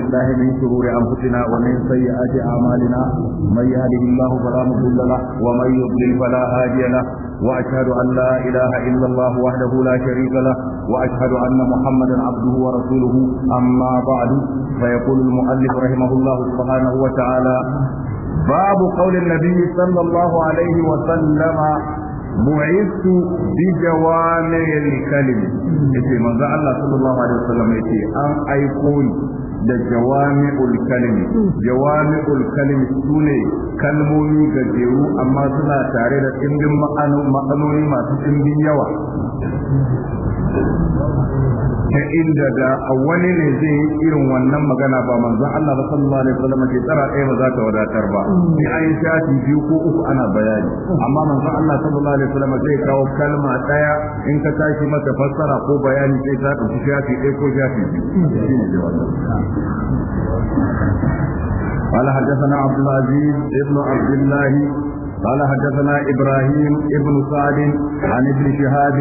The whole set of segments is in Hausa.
بالله من شرور أنفسنا ومن سيئات أعمالنا من يهده الله فلا مضل له ومن يضلل فلا هادي له وأشهد أن لا إله إلا الله وحده لا شريك له وأشهد أن محمدا عبده ورسوله أما بعد فيقول المؤلف رحمه الله سبحانه وتعالى باب قول النبي صلى الله عليه وسلم بعثت بجوامع الكلم يتي من الله صلى الله عليه وسلم يتي أن أيقوني da jawami'ul kalim jawami'ul kalimi sune kalmomi gajeru amma suna tare da ɗimbin ma'anoni masu ɗimbin yawa ta inda da wani ne zai yi irin wannan magana ba manzo Allah ba sallallahu alaihi wasallam ke tsara ɗaya ba za ta wadatar ba Ni a yi shafi biyu ko uku ana bayani amma manzo Allah sallallahu alaihi wasallam zai kawo kalma ɗaya in ka tashi mata fassara ko bayani sai ta ɗauki shafi ɗaya ko shafi biyu قال حدثنا عبد العزيز ابن عبد الله قال حدثنا ابراهيم ابن سعد عن ابن شهاب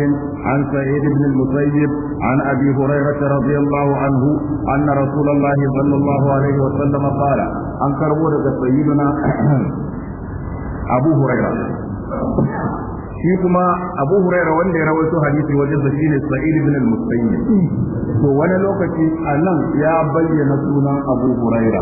عن سعيد بن المسيب عن ابي هريره رضي الله عنه ان رسول الله صلى الله عليه وسلم قال انكر ورد سيدنا ابو هريره shi kuma abu huraira wanda ya rawaito hadisi wajen da shine sa'id ibn al-musayyib to wani lokaci a nan ya bayyana sunan abu huraira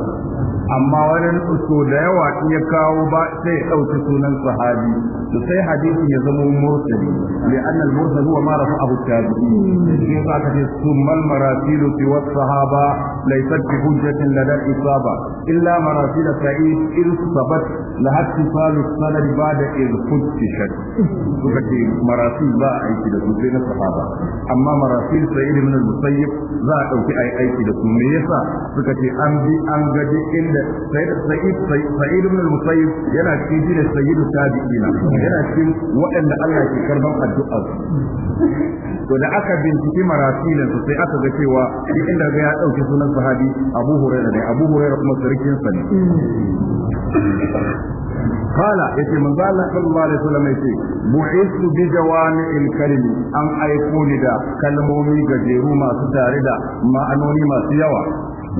amma wani so da yawa in ya kawo ba sai ya ɗauki sunan sahabi to sai hadisin ya zama mursali li anna al-mursal huwa ma rafa'ahu tabi'i shi ka ce summal marasil fi was-sahaba laysat bi hujjatin lada isaba illa marasil sa'id in sabat la hatta salu sanad ba'da iz suka ce marasil ba a aiki da su sai na sahaba amma marasin sai ibn musayyib za a dauki ai aiki da su me yasa suka ce an bi an gaji inda sayyid sayyid ibn musayyib yana cikin da sayyidu tabi'ina yana cikin waɗanda Allah ke karban addu'a to da aka binciki marasilin sai aka ga cewa duk inda ga ya dauki sunan sahabi Abu Hurairah ne Abu Hurairah kuma sarkin sa ne قال يتي من قال صلى الله عليه وسلم يتي su bi jawami'il kalimi an aiko ni da kalmomi gajeru masu tare da ma'anoni masu yawa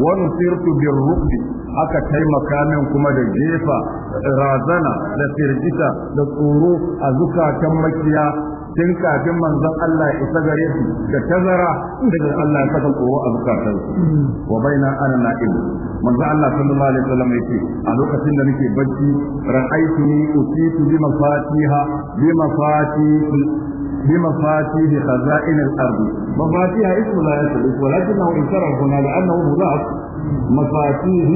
wa nusirtu birruqbi aka taimaka min kuma da jefa razana da firgita da tsoro a zukatan makiya tun kafin manzon Allah isa gare su da tazara daga Allah ya saka tsoro a zukatansu wa baina ana na'im manzon Allah sallallahu alaihi wasallam yake a lokacin da nake bacci ra'aituni usitu bi mafatiha bi mafatihil بمفاتيح خزائن الأرض مفاتيح اسم لا يصرف ولكنه انشره هنا لأنه مضاف مفاتيح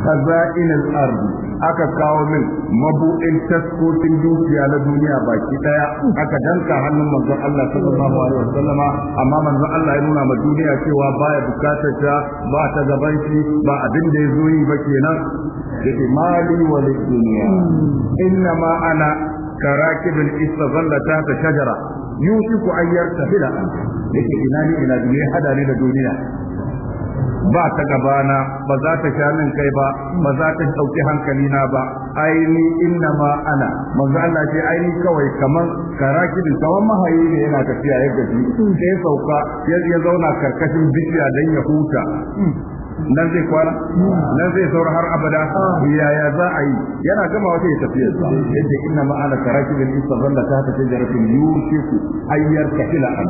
خزائن الأرض aka kawo min mabu'in taskokin dukiya na duniya baki daya aka danka hannun manzon Allah sallallahu alaihi wasallam amma manzon Allah ya nuna ma duniya cewa baya bukatar ta ba ta gaban shi ba abin da ya zo yi ba kenan da mali wa dunya inna ma ana karakibin istazalla ta shajara yusiku ayyar tahila yake ina ni ina duniya hada ni da duniya ba ta gabana ba za ta sha min kai ba ba za ta ɗauki hankalina ba aini inna ma ana manzo Allah ce aini kawai kamar karakidin kamar mahayi ne yana tafiya ya gaji sai sauka ya zauna karkashin bishiya dan ya huta nan zai kwana nan zai saura har abada yaya za a yi yana gama wata ya tafiya zuwa yace inna ma ana karaki bin istazalla ta ta jaratin ku ayyar kafila an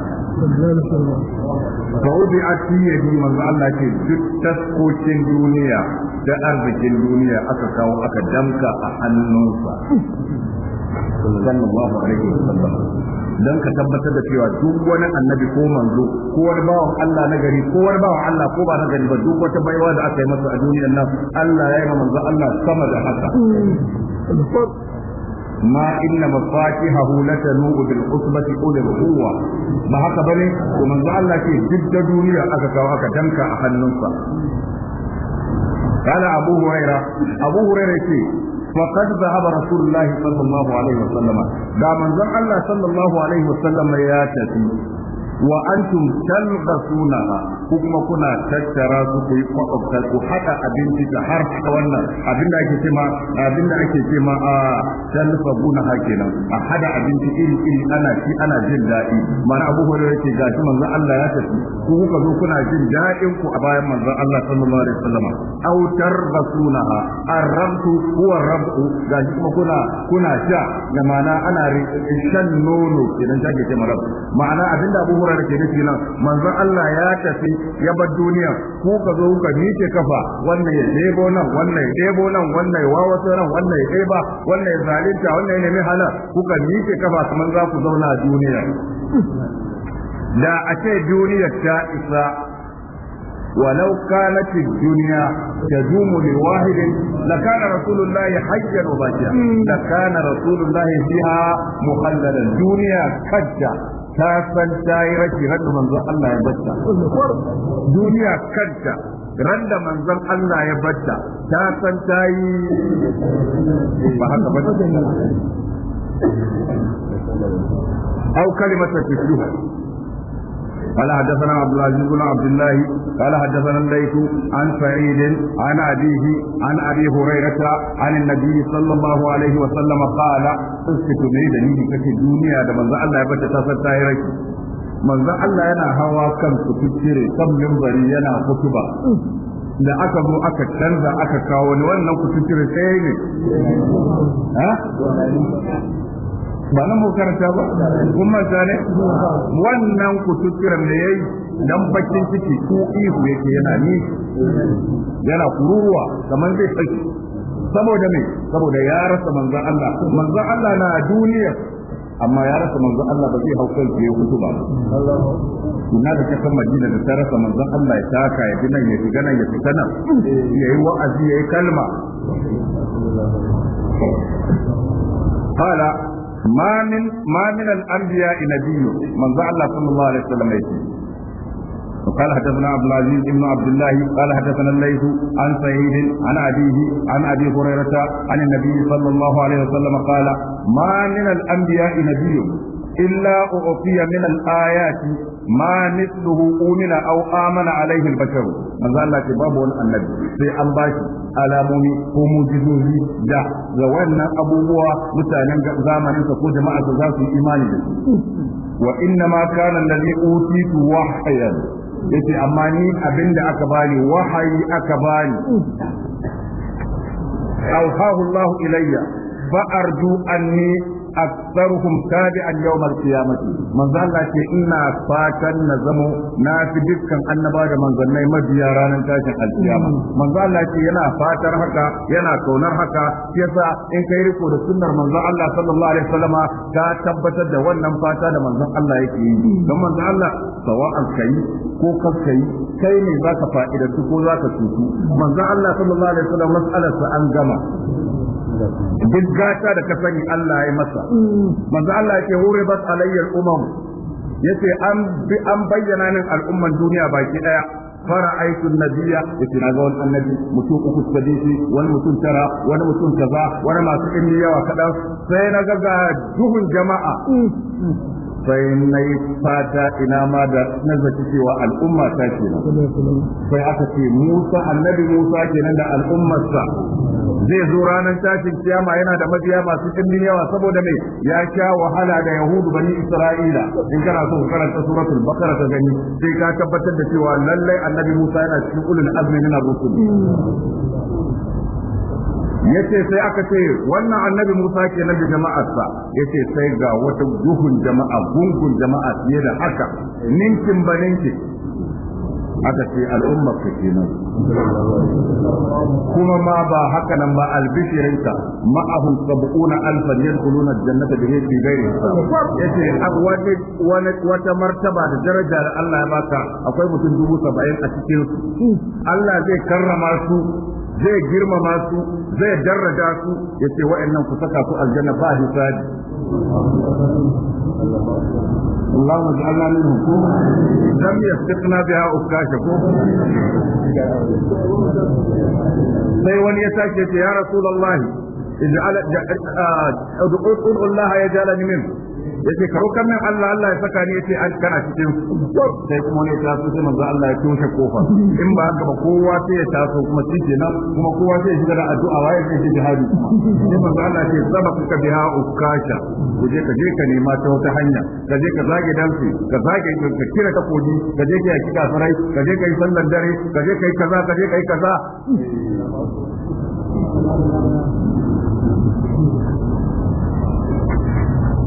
bawdi ati yadi manzo Allah ce duk taskocin duniya da arzikin duniya aka kawo aka damka a hannunsa sallallahu alaihi wasallam don ka tabbatar da cewa duk wani annabi ko manzo ko wani bawan Allah na gari ko wani bawan Allah ko ba na gari ba duk wata baiwa da aka yi masa a duniyar nan Allah ya yi ma manzo Allah sama da haka ما إن مفاتحه لتنوء بالعصبة أولي القوة ما هكا بني ومن ذا الله كي جد دنيا أكا وأكا دنكا أحننصا قال أبو هريرة أبو هريرة شيء فقد ذهب رسول الله صلى الله عليه وسلم دا من الله صلى الله عليه وسلم يا تتي وأنتم تلغسونها kuma kuna tattara su ku yi kwakwabta ku haɗa abinci ta har ta wannan abin da ake cema abin da ake ma a talfa guna hake kenan a haɗa abinci iri iri ana ci ana jin daɗi mana abu hore yake gashi manzon Allah ya tafi ku kuka zo kuna jin daɗin ku a bayan manzon Allah sallallahu alaihi wasallam aw tarbasunaha arramtu huwa rabu gashi kuma kuna kuna sha ga ma'ana ana shan nono kenan take ce ma'ana abinda abu hore yake nufi nan manzon Allah ya tafi ya bar duniya ko ka zo kuka miƙe kafa wannan ya ɗebo nan wannan ya ɗebo nan wannan ya wawaso nan wannan ya ɗeba wannan ya zalunta wannan ya nemi halal kuka miƙe kafa kamar za ku zauna a duniya da a ce duniyar ta isa ولو كانت الدنيا تدوم لواحد لكان رسول الله حيا وبشرا لكان رسول الله فيها مخلدا دنيا كجة تاسن تايرة رد من الله يبجا دنيا كجة رد من manzon الله يبجا batta ta أو كلمة yi قال حدثنا عبد العزيز بن عبد الله قال حدثنا الليث عن سعيد عن أبيه عن أبي هريرة عن النبي صلى الله عليه وسلم قال اسكتوا من دليل كتي الدنيا ده من الله يبتا تاسر تايرك من الله ينا هوا كم تكتيري كم ينبري ينا خطبة da aka zo aka canza aka kawo wani wannan kusurci sai ne ba nan muka karanta ba kun manta wannan kututturan da yayi dan bakin ciki ko ihu yake yana ni yana kururuwa kamar zai sauki. saboda me saboda ya rasa manzon Allah manzon Allah na duniya amma ya rasa manzon Allah ba zai hau kai ya hutu ba ina da ta san Madina da ta rasa manzon Allah ya taka ya nan ya shiga nan ya fita nan ya yi wa'azi ya yi kalma ma min ma min al-anbiya nabiyyu manzo Allah sallallahu alaihi wasallam yake وقال حدثنا عبد العزيز بن عبد الله قال حدثنا الليث عن سعيد عن أبيه عن أبي هريرة عن النبي صلى الله عليه وسلم قال ما من الأنبياء نبي إلا أعطي من الآيات ma mithluhu umina aw amana alaihi al-bashar manzo Allah ce babu wani annabi sai an bashi alamomi ko mujizozi da ga wannan abubuwa mutanen zamanin ko jama'a su za su imani da su wa inna ma kana allazi utitu wahyan yace amma ni abinda aka bani wahayi aka bani أوحاه الله إلي فأرجو أني aktsaruhum tabi'an yawm al-qiyamati manzo Allah ce ina fatan na zamo na fi dukkan annaba da manzannai mabiya ranar tashin al-qiyama manzo Allah ce yana fatar haka yana kaunar haka yasa in kai riko da sunnar manza Allah sallallahu alaihi wasallama tabbatar da wannan fata da manzon Allah yake yi don manzo Allah sawa'an kai ko kai kai ne zaka fa'idatu ko zaka cutu manzo Allah sallallahu alaihi wasallam mas'alarsa an gama duk da ta sani Allah ya masa manzo Allah ya ce hore bas alayyal umam yace an bi an bayyana nan al'umman duniya baki daya fara aikin nabiya da tuna ga wani annabi mutum uku suka wani mutum tara wani mutum kaza wani masu ilmi yawa kaɗan sai na ga ga duhun jama'a sai na yi fata ina ma da nazarci cewa al'umma ta ke sai aka ce musa annabi musa kenan da al'ummarsa zai zo ranar tashin kiyama yana da mabiya masu dimbin yawa saboda mai ya sha wahala da yahudu bani isra'ila in kana so karanta suratul Bakara ta gani sai ka tabbatar da cewa lallai annabi musa yana cikin ulul azmi na rusul yace sai aka ce wannan annabi Musa kenan da jama'arsa yace sai ga wata duhun jama'a gungun jama'a fiye da haka ninkin ba ninkin aka ce al'ummar ka kenan kuma ma ba haka nan ba albishirinka ma'ahum sab'una alfan yadkhuluna aljannata bi ghairi ghairi yace wani wani wata martaba da daraja da Allah ya baka akwai mutum dubu saba'in a cikin su Allah zai karrama su zai girmama su zai daraja su yace wa'annan ku saka su aljanna ba hisabi اللهم اجعلنا منهم لم يستقنا بها أفكاشكم طيب، سيوان يتاكت يا رسول الله اجعل آه، ادعو الله يجعلني منه yace ka roƙar Allah Allah ya saka ni yace an kana cikin sai kuma ne ta so sai manzo Allah ya toshe kofa in ba haka ba kowa sai ya taso kuma shi nan kuma kowa sai ya shiga da addu'a waye sai shi jihadi sai manzo Allah ya sabaka ka biha ukasha je ka je ka nema ta wata hanya ka je ka zage dansu ka zage ka kira ka koji ka je ka yaki kafirai ka je ka yi sallar dare ka je ka yi kaza ka je ka yi kaza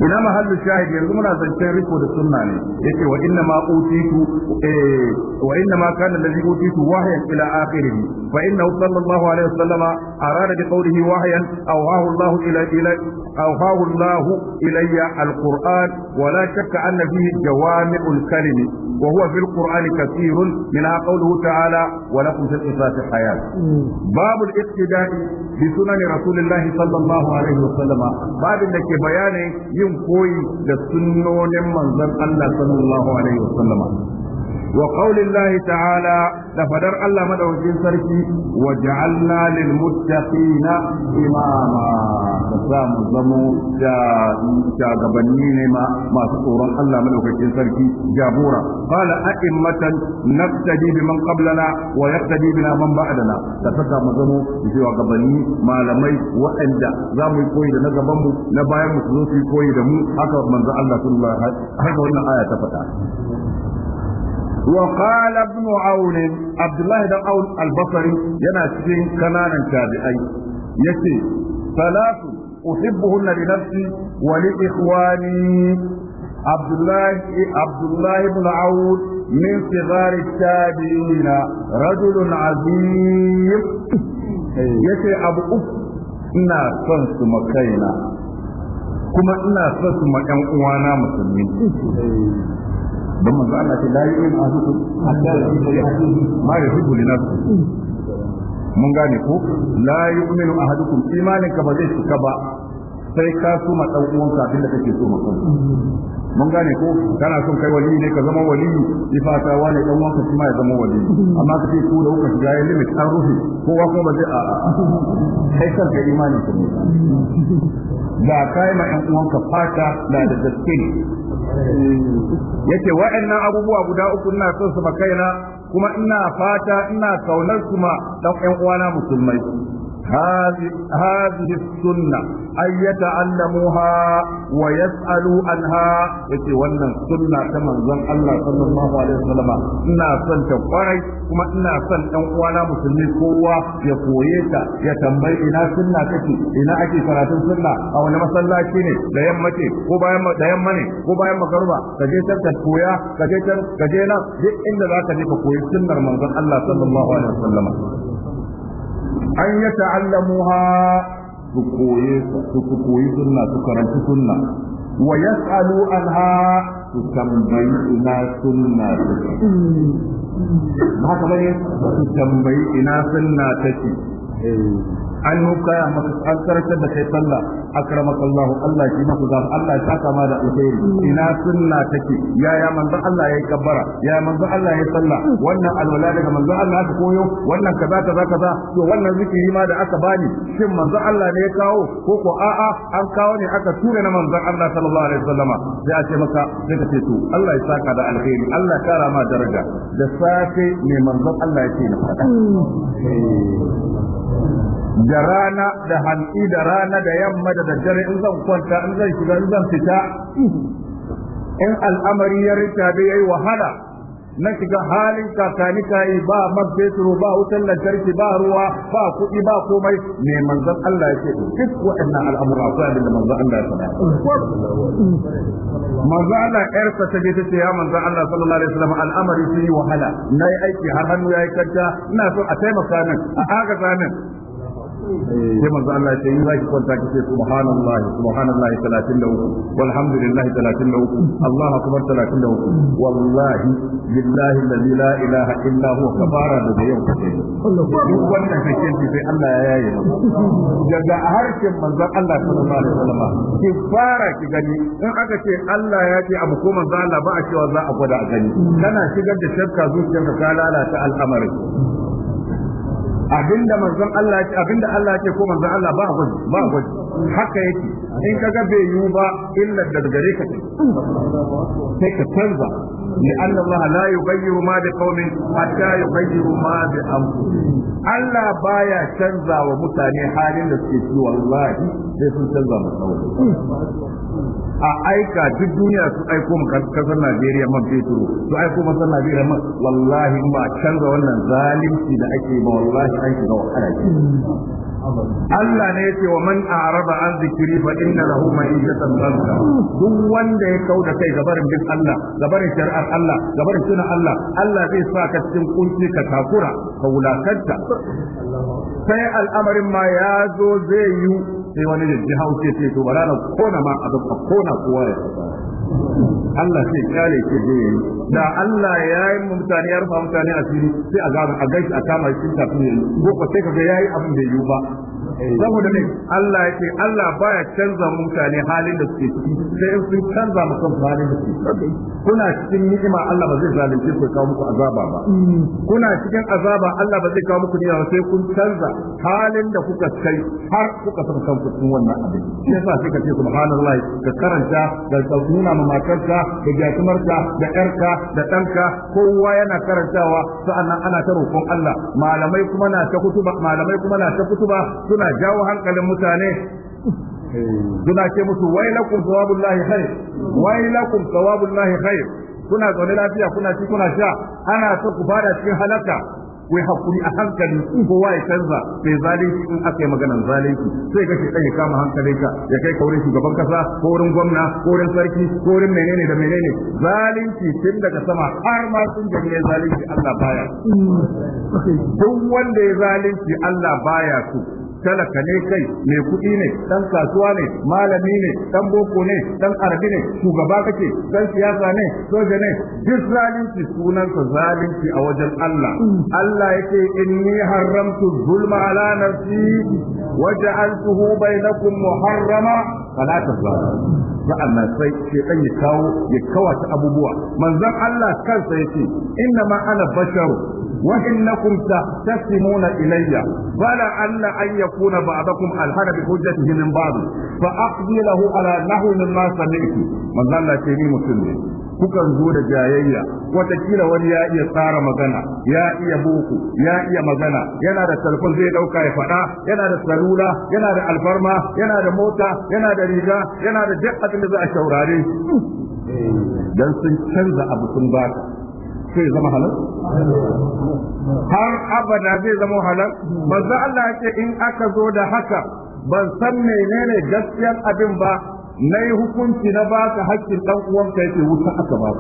ina mahallin shahid yanzu muna zancen riko da sunna ne yace wa inna ma utitu eh wa inna ma kana allazi utitu wahyan ila akhirih fa innahu sallallahu alaihi wasallam arada bi qawlihi wahyan aw wahu Allah ila ila أوحاه الله إلي القرآن ولا شك أن فيه جوامع الكلم وهو في القرآن كثير منها قوله تعالى ولكم في القصاص حياة باب الاقتداء بسنن رسول الله صلى الله عليه وسلم باب لك بيان ينقوي لسنون من الله صلى الله عليه وسلم وقول الله تعالى لفدر الله مدعوكين سركي وجعلنا للمتقين إماما فسام الزمو شاقبنين ما ما سطورا الله مدعوكين سركي جابورا قال أئمة نقتدي بمن قبلنا ويقتدي بنا من بعدنا فسام الزمو شاقبني ما لمي وعند زامو يقوي لنا زمو نبايا مسلوسي يقوي لمو حكا من الله صلى الله عليه وسلم هذا هو الآية تفتح وقال ابن عون عبد الله بن عون البصري ينا cikin kananan tabi'ai yace salatu uhibbuhunna li nafsi wa li ikhwani عبد الله عبد الله بن عون من صغار التابعين رجل عظيم yace abu uku ina son su makaina kuma ina son su ma uwana musulmi don manzo Allah ce la yu'minu ahadukum hatta yuhibbu li akhihi ma yuhibbu li nafsihi mun gane ko la yu'minu ahadukum imanin ka ba zai cika ba sai ka su ma dan uwanka abin da kake so ma kanka mun gane ko kana son kai wali ne ka zama wali sai ta wani dan uwanka shi ma ya zama wali amma ka ce ko da kuka shiga ya limit an Ko wa ko ba zai a kai ga imani ka ne ba kai ma ɗan uwanka fata na da gaske ne yace wa'annan abubuwa guda uku ina son su ba kaina kuma ina fata ina kaunar su ma dan uwana musulmai هذه السنة أن يتعلموها ويسألوا عنها يتي وانا السنة كما زن الله صلى الله عليه وسلم إنا سن تفري كما إنا سن أنوانا مسلمين قوة يقويتا يتنبي إنا سنة كتي إنا أكي سنة سنة أو نما صلاة كيني دا يمتي قبا يم دا يمني قبا يم قربا كجيتا كتكويا كجيتا كجينا دي إن ذاك دي قوي سنة من الله صلى الله عليه وسلم an ya ta'allamuha su koye su koyi sunna su karanci sunna wa yas'alu anha su tambayi ina sunna ce ba haka bane su tambayi ina sunna ce an ya maka an karantar da kai sallah akramakallahu Allah shi maka gafa Allah ya saka ma da alheri ina sunna take yaya manzon Allah yayi kabbara yaya manzon Allah yayi sallah wannan alwala daga manzon Allah aka koyo wannan kaza kaza kaza to wannan zikiri ma da aka bani shin manzon Allah ne ya kawo ko ko a'a an kawo ne aka tura na manzon Allah sallallahu alaihi wasallama sai a ce maka sai ka ce to Allah ya saka da alheri Allah kara ma daraja da safe ne manzon Allah yake na faɗa mm. eh. da rana da hantsi da rana da yamma da daddare in zan kwanta in zan shiga in zan fita in al'amari ya rita da yayi wahala na shiga halin kakani kayi ba man fetur ba wutar lantarki ba ruwa ba kuɗi ba komai ne manzon Allah ya ce duk wa'annan al'amura ko abin da manzon Allah ya faɗa manzon Allah ƴarsa ta je ta ce ya manzon Allah sallallahu alaihi wasallam al'amari sun yi wahala na yi aiki har hannu ya yi kanta ina so a taimaka min a agaza min Eh, sai manzo Allah ya ce in zaki kwanta ki ce subhanallah subhanallah 33 walhamdulillah 33 Allah akbar 33 wallahi billahi alladhi la ilaha illa huwa kabara da yau kace duk wannan kake ji sai Allah ya yaye daga harshen manzon Allah sallallahu alaihi wasallam ki fara ki gani in aka ce Allah ya ce abu ko manzo Allah ba a cewa za a gwada a gani kana shigar da shakka zuciyarka ka lalata al'amari abinda manzon Allah ya abinda Allah ya ko manzon Allah ba gwaji ba gwaji haka yake in kaga bai yiwu ba illa daga gare ka sai ka canza la الله ma bi ما hatta حتى ma bi بأنفسهم Allah baya canza wa mutane halin da suke ci wallahi sai sun canza masa a aika duk duniya su aiko maka kasar Najeriya man fetur su aiko masar Najeriya man wallahi ma canza wannan zalunci da ake ma wallahi an shiga wahala Allah ne yake wa man araba an zikiri fa inna lahu ma'ishatan dhanka duk wanda ya kauda kai gabarin bin Allah gabarin shari'ar Allah gabarin sunan Allah Allah zai sa ka cikin kunci ka takura ka wulakanta sai al'amarin ma ya zo zai yi sai wani da hausa sai to bara na kona ma a kona kowa ya Allah sai kyale ke je yayi da Allah ya yi mutane ya rufa mutane asiri sai a gaba a gaishe a kama shi ta yayi ko sai ga yayi abin da yiwu ba saboda ne Allah ya ce Allah baya canza mutane halin da suke ciki sai in sun canza mu kan halin da suke kuna cikin ni'ima Allah ba zai zalunce ku kawo muku azaba ba kuna cikin azaba Allah ba zai kawo muku ni'ima sai kun canza halin da kuka kai har kuka san kanku cikin wannan abin shi yasa sai ka ce subhanallahi ka karanta da nuna ma matarka da jatumarka da yarka da ɗanka kowa yana karantawa sa'annan ana ta roƙon Allah malamai kuma na ta kutuba malamai kuma na ta kutuba suna suna jawo hankalin mutane suna ce musu wailakum thawabullahi khair wailakum thawabullahi khair kuna zaune lafiya kuna ci kuna sha ana ta ku fara cikin halaka wai hakuri a hankali kowa ya canza sai zalunci in aka yi maganar zalunci sai ka shi ya kama ka ya kai ka wurin shugaban kasa ko wurin gwamna ko wurin sarki ko wurin menene da menene zalunci tun daga sama har ma sun jami'ai zalunci Allah baya duk wanda ya zalunci Allah baya su talaka ne kai mai kuɗi ne dan kasuwa ne malami ne dan boko ne dan arabi ne shugaba kake dan siyasa ne soja ne duk zalunci sunansa zalunci a wajen Allah Allah yake inni haramtu zulma ala nafsi waja'altuhu bainakum muharrama fala tazalimu sa'annan sai shedan ya kawo ya kawata abubuwa manzon Allah kansa yace inna ma ana basharu wa innakum tahtasimuna ilayya bala alla an yakuna ba'dakum alharabi bi hujjatihi min ba'd fa aqdi lahu ala nahwi mimma sami'tu manzon Allah ce ni mutum ne kukan zo da jayayya watakila wani ya iya tsara magana ya iya boko ya iya magana yana da telefon zai dauka ya faɗa yana da salula yana da alfarma yana da mota yana da riga yana da duk abin da za a shaurare dan sun canza abu sun baka sai zama halal har abada zai zama halal manzo Allah ya ce in aka zo da haka ban san menene gaskiyar abin ba na yi hukunci na ba ka haƙƙin ɗan uwanka yake wuta aka ba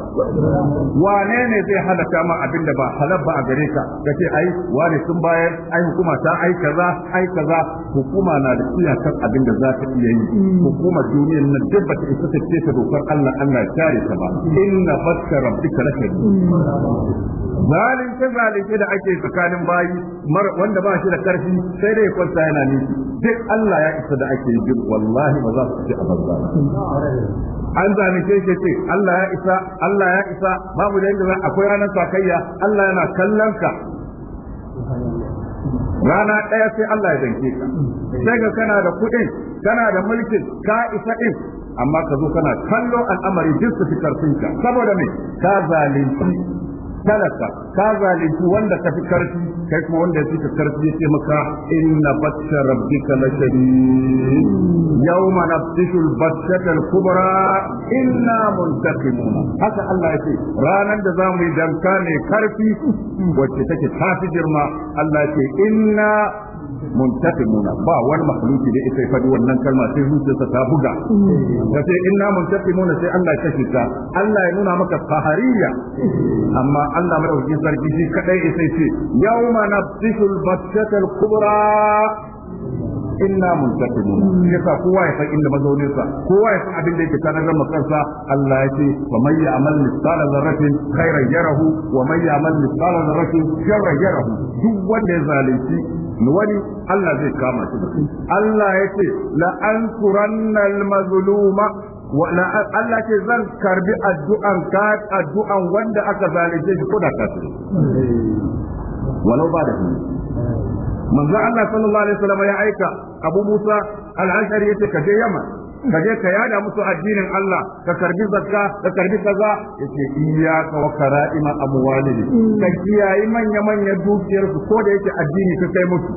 wane ne zai halaka ma abin da ba halar ba a gare ka ka ce ai wane sun bayar ai hukuma ta ai kaza ai kaza hukuma na da iyakar abin da za ta iya yi hukuma duniya na duk ba ta isa ta ce ta dokar Allah Allah ya kare ta ba inna batka rabbika lakad zalunce zalunce da ake tsakanin bayi wanda ba shi da karfi sai dai kwanta yana niki duk Allah ya isa da ake yi wallahi ba za su ci a banza an zalunce shi ce Allah ya isa Allah ya isa babu da yadda akwai ranar sakayya Allah yana kallon ka rana ɗaya sai Allah ya danke ka sai ga kana da kuɗin kana da mulkin ka isa in amma ka zo kana kallo al'amari jinsu su fi karfinka saboda me ka zalunci talaka ka zalici wanda ka fi karfi kai kuma wanda ya fi ka karfi ya ce maka inna batsha rabbika la yawma nabtishu al-batshata al-kubra inna muntaqimun haka Allah ya ce ranar da zamu yi danka ne karfi wacce take tafi girma Allah ya ce inna muntakimuna ba wani makhluki da yake faɗi wannan kalma sai zuciyarsa ta buga da sai inna muntakimuna sai Allah ya kashe ta Allah ya nuna maka fahariya amma Allah madaukakin sarki shi kadai ya sai ce yawma nabtishul battatal kubra inna muntakimun yasa kowa ya san inda mazaunin sa kowa ya san abin da yake tare da makansa Allah ya ce wa man ya'mal mithqala dharratin khairan yarahu wa man ya'mal mithqala dharratin sharran yarahu duk wanda ya zalunci wani Allah zai kama shi Allah ya ce la ansuranna al-mazluma Allah ce zan karbi addu'an ka addu'an wanda aka zalunce shi ko da kasu. walau ba da manzo Allah sallallahu alaihi wasallam ya aika Abu Musa al-Ashari yace ka je Yaman ka je ka yada musu addinin Allah ka karbi zakka ka karbi kaza yace iyyaka wa kara'ima amwalihi ka kiyayi manya manya dukiyar su ko da yake addini ka kai musu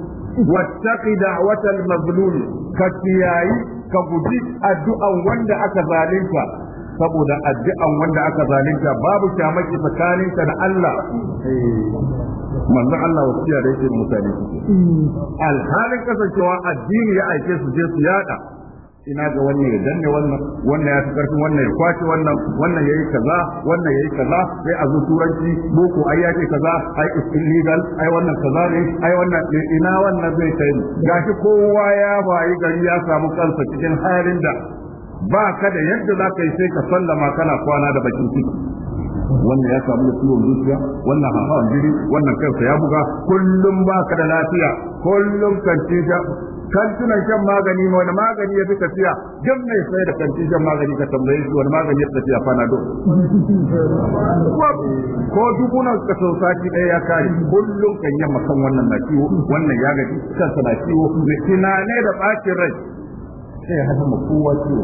wattaqi da'watal mazlum ka kiyayi ka guji addu'an wanda aka zalunta saboda addu'an wanda aka zalunta babu kyamaki tsakaninka da Allah eh, manzo Allah wasiya da yake mutane hmm. alhalin kasancewa addini ya aike su je su yada ina ga wannan ya danne wannan wannan ya fi karfin wannan ya kwace wannan wannan yayi kaza wannan yayi kaza sai a zo turanci boko ai ya ce kaza ai is illegal ai wannan kaza ne ai wannan ina wannan zai kai gashi kowa ya bayi gari ya samu kansa cikin halin da ba ka da yadda za ka yi sai ka sallama kana kwana da bakin ciki wannan ya samu da ciwon zuciya wannan hawan jiri wannan kansa ya buga kullum ba ka da lafiya kullum kan kantunan shan magani wani magani ya fi tafiya jan mai sai da kantin shan magani ka tambaye shi wani magani ya fi tafiya do ko na ka sau sati ɗaya ya kare kullum kan yamma makan wannan na ciwo wannan ya gaji kansa na ciwo mai tunane da ɓacin rai sai ya hada kowa ciwo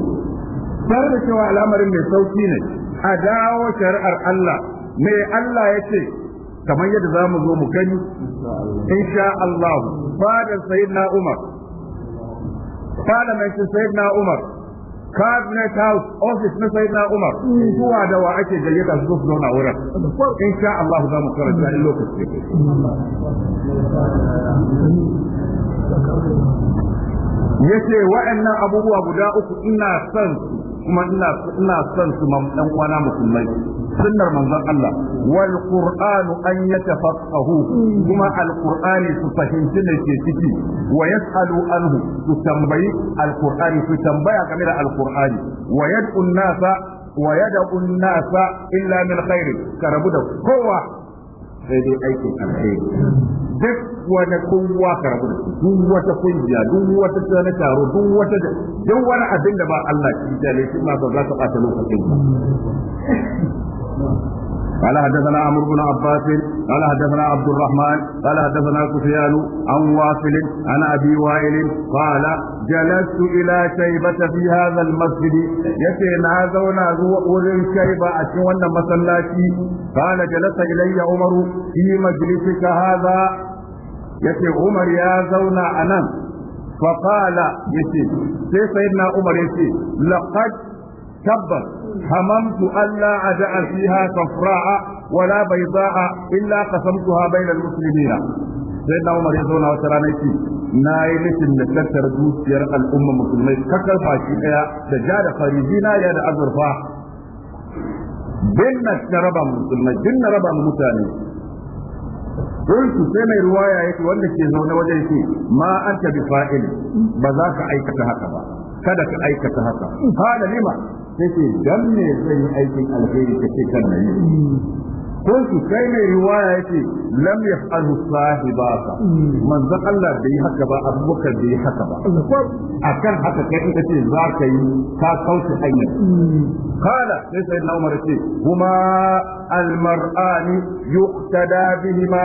tare da cewa al'amarin mai sauki ne a dawo shari'ar Allah mai Allah ya ce kamar yadda za mu zo mu gani insha Allah fadar sayyidina Umar parliamentin na Umar cabinet house office na sayid na Umar zuwa da wa ake gayyata su su zauna wurin insha Allah za mu karanta in lokaci Ya ce wa'annan abubuwa guda uku ina son kuma ina son su mam kwana musulmai sunnar manzon Allah wal qur'anu an yatafaqahu kuma al qur'ani su fahimci ne ke ciki wa yasalu anhu su tambayi al qur'ani su tambaya game da al qur'ani wa yad'u nasa wa yad'u nasa illa min khair karabu da kowa sai dai aikin alheri duk wani kowa karabu da duk wata kungiya duk wata tsana taro duk wata duk wani abin da ba Allah shi da ne shi ma ba za ka bata lokacin ba قال حدثنا عمرو بن عباس قال حدثنا عبد الرحمن قال حدثنا سفيان عن واصل عن ابي وائل قال جلست الى شيبة في هذا المسجد يتي نازونا ورن شيبة اتشونا مسلاتي قال جلس الي عمر في مجلسك هذا يتي عمر يا زونا انا فقال يتي سيدنا عمر يتي لقد tabbas hamamtu alla a fiha safra'a wala a illa qasamtuha bainal muslimina sai na umar ya zauna wata ranar ce na yi nufin da tattara zuciyar al'umma musulmai kakar baki daya da ja da fari zinariya da azurfa bin na raba musulmai bin na raba mutane Kultu sai mai ruwaya yake wanda ke zaune wajen ce ma an tabi fa'il ba za ka aikata haka ba kada ka aikata haka hala lima sai ce dan me zan yi aikin alheri kace kan nan kuntu kai mai riwaya yake lam yaf'alu sahibaka manzon Allah bai haka ba abubakar bai haka ba akan haka kai in kace za ka yi ka kauce hanyar kala sai sai umar ce kuma almar'ani yuqtada bihima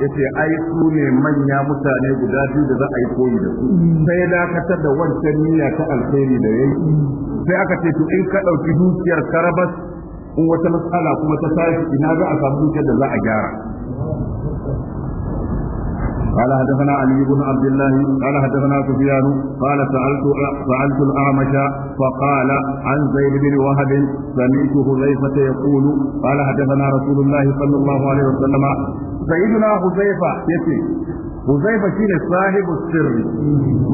yace ai su ne manya mutane guda biyu da za a yi koyi da su sai dakatar da wancan miya ta alheri da yayi sai aka ce to in ka ɗauki dukiyar karabas in wata matsala kuma ta tashi ina za a samu dukiyar da za a gyara قال حدثنا علي بن عبد الله قال حدثنا سفيان قال سألت سألت الأعمش فقال عن زيد بن وهب سمعت حذيفة يقول قال حدثنا رسول الله صلى الله عليه وسلم سيدنا حذيفة يتي Huzaifa shine sahibu sirri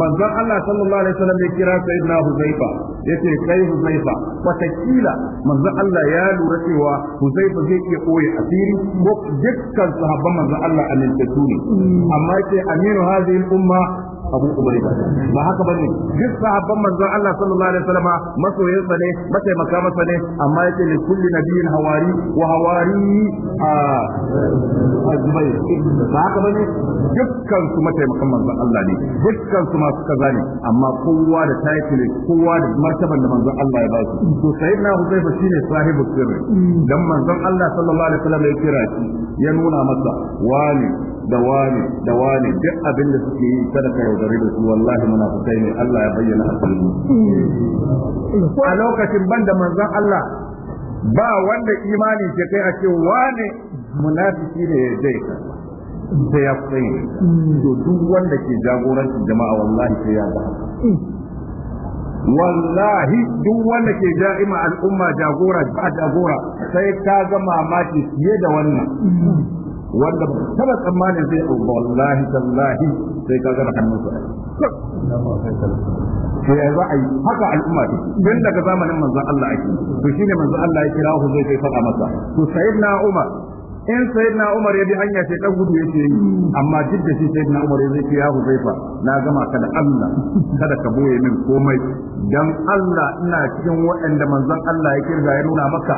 manzon Allah sallallahu alaihi wasallam ya kira sayyidina Huzaifa yace kai Huzaifa watakila manzon Allah ya lura cewa Huzaifa zai iya koyi asiri ko dukkan sahabban manzon Allah amintattu ne amma yace aminu hadhihi umma abu ubaida ba haka ba ne, duk sahabban manzon Allah sallallahu alaihi wasallam masoyin sa ne mataimaka masa ne amma yake li kulli nabiyyin hawari wa hawari a azmai ba haka ba ne dukkan su mataimakan manzon Allah ne dukkan su masu kaza ne amma kowa da title kowa da martaban da manzon Allah ya ba su to sayyidina Huzaifa shine sahibu sirri dan manzon Allah sallallahu alaihi wasallam ya kira shi ya nuna masa wani da wani da wani duk abin da suke yi kada ka yaudare da su wallahi munafikai ne Allah ya bayyana asalin a lokacin banda manzon Allah ba wanda imani ke kai a ce wane munafiki ne ya dai sai ya tsaye to duk wanda ke jagorancin jama'a wallahi sai ya ba wallahi duk wanda ke ja'ima al'umma jagora ba jagora sai ka ga mamaki fiye da wannan wanda ba taba tsammanin sai wallahi tallahi sai ka gara hannunsa to ya za a yi haka al'umma ta tun daga zamanin manzon Allah ake to shine manzon Allah ya kira hu zai kai faɗa masa to Sayyid na Umar in Sayyid na Umar ya bi hanya sai dan gudu yake yi amma duk da shi na Umar ya zai ce ya fa, na gama ka da Allah kada ka boye min komai dan Allah ina cikin waɗanda manzon Allah ya kirga ya nuna maka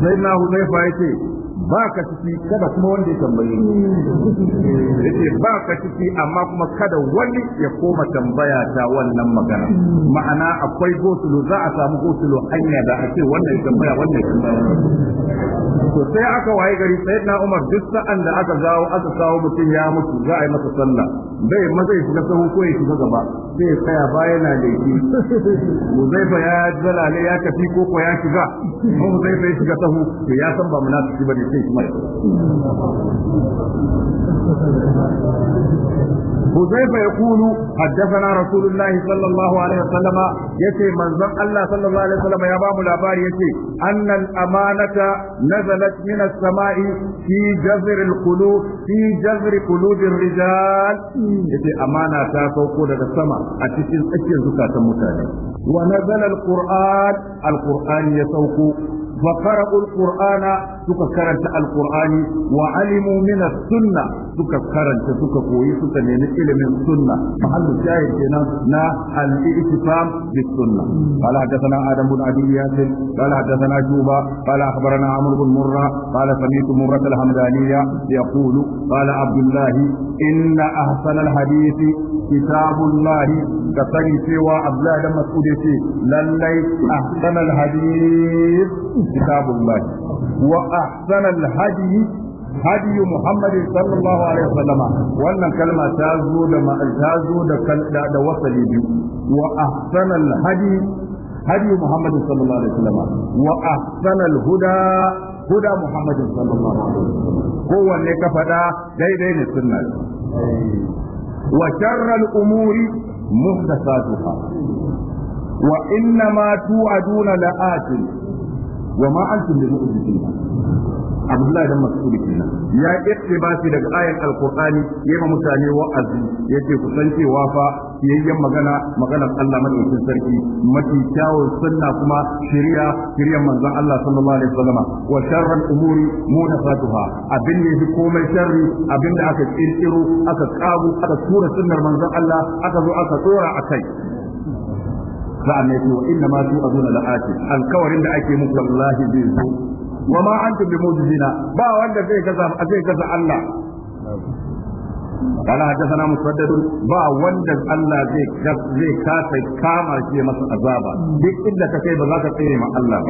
sai na hudu ya ce ba ka ciki kada kuma wanda ya tambaye ya ce ba ka ciki amma kuma kada wani ya koma tambaya ta wannan magana ma'ana akwai gosulo za a samu gosulo hanya da a ce wannan tambaya wannan ya tambaya to sai aka waye gari sai na umar duk sa'an da aka zawo aka kawo mutum ya mutu za a yi masa sallah bai maza ya shiga sahu ko ya shiga gaba sai ya tsaya baya na laifi muzaifa ya zalale ya tafi ko ko ya shiga ko muzaifa ya shiga sahu to ya san ba munafiki bane sai kuma حذيفة يقول حدثنا رسول الله صلى الله عليه وسلم يتي من الله صلى الله عليه وسلم يا بام الأبار يتي أن الأمانة نزلت من السماء في جذر القلوب في جذر قلوب الرجال yace amana ta sauko daga sama a cikin tsakiyar zukatan mutane wa nazala alquran alqur'ani ya sauko فقرأوا القرآن تكرنت القرآن وعلموا من السنة تكرنت تكوي تكنين علم السنة محل الشاهد هنا نا الاعتصام بالسنة قال حدثنا آدم بن أبي ياسر قال حدثنا شوبة قال أخبرنا عمرو بن مرة قال سمعت مرة الحمدانية يقول قال عبد الله إن أحسن الحديث كتاب الله كفري سوى عبد الله مسؤول لن أحسن الحديث كتاب الله وأحسن الهدي هدي محمد صلى الله عليه وسلم وان كلمه تازو ده ما تازو ده ده وصلي بي واحسن الهدي هدي محمد صلى الله عليه وسلم واحسن الهدى هدى محمد صلى الله عليه وسلم هو ne ka fada daidai ne sunna wa sharra al-umuri muhdathatuha wa inna ma tu'aduna la'atin wa ma antum bi mu'jizin Abdullahi dan Mas'ud kenan ya ittibasi daga ayat alqur'ani yema mutane wa'azi yace ku san cewa fa yayyan magana maganar Allah madaukakin sarki mafi kyawun kuma shari'a shari'ar manzon Allah sallallahu alaihi wasallam wa sharral umuri muhdathatuha abin ne fi komai sharri abin da aka ƙirƙiro, aka kabu aka tura sunnar manzon Allah aka zo aka tsora a kai. sa'an nan wa inna ma tu azuna la'ati alkawarin da ake muku wallahi zai zo wa ma antum bi mu'jizina ba wanda zai kasa zai kasa Allah قال حدثنا مسدد با وند الله زي زي كاسا كاما شي مس عذابا ديك إلا كاي بذاك تيري مع الله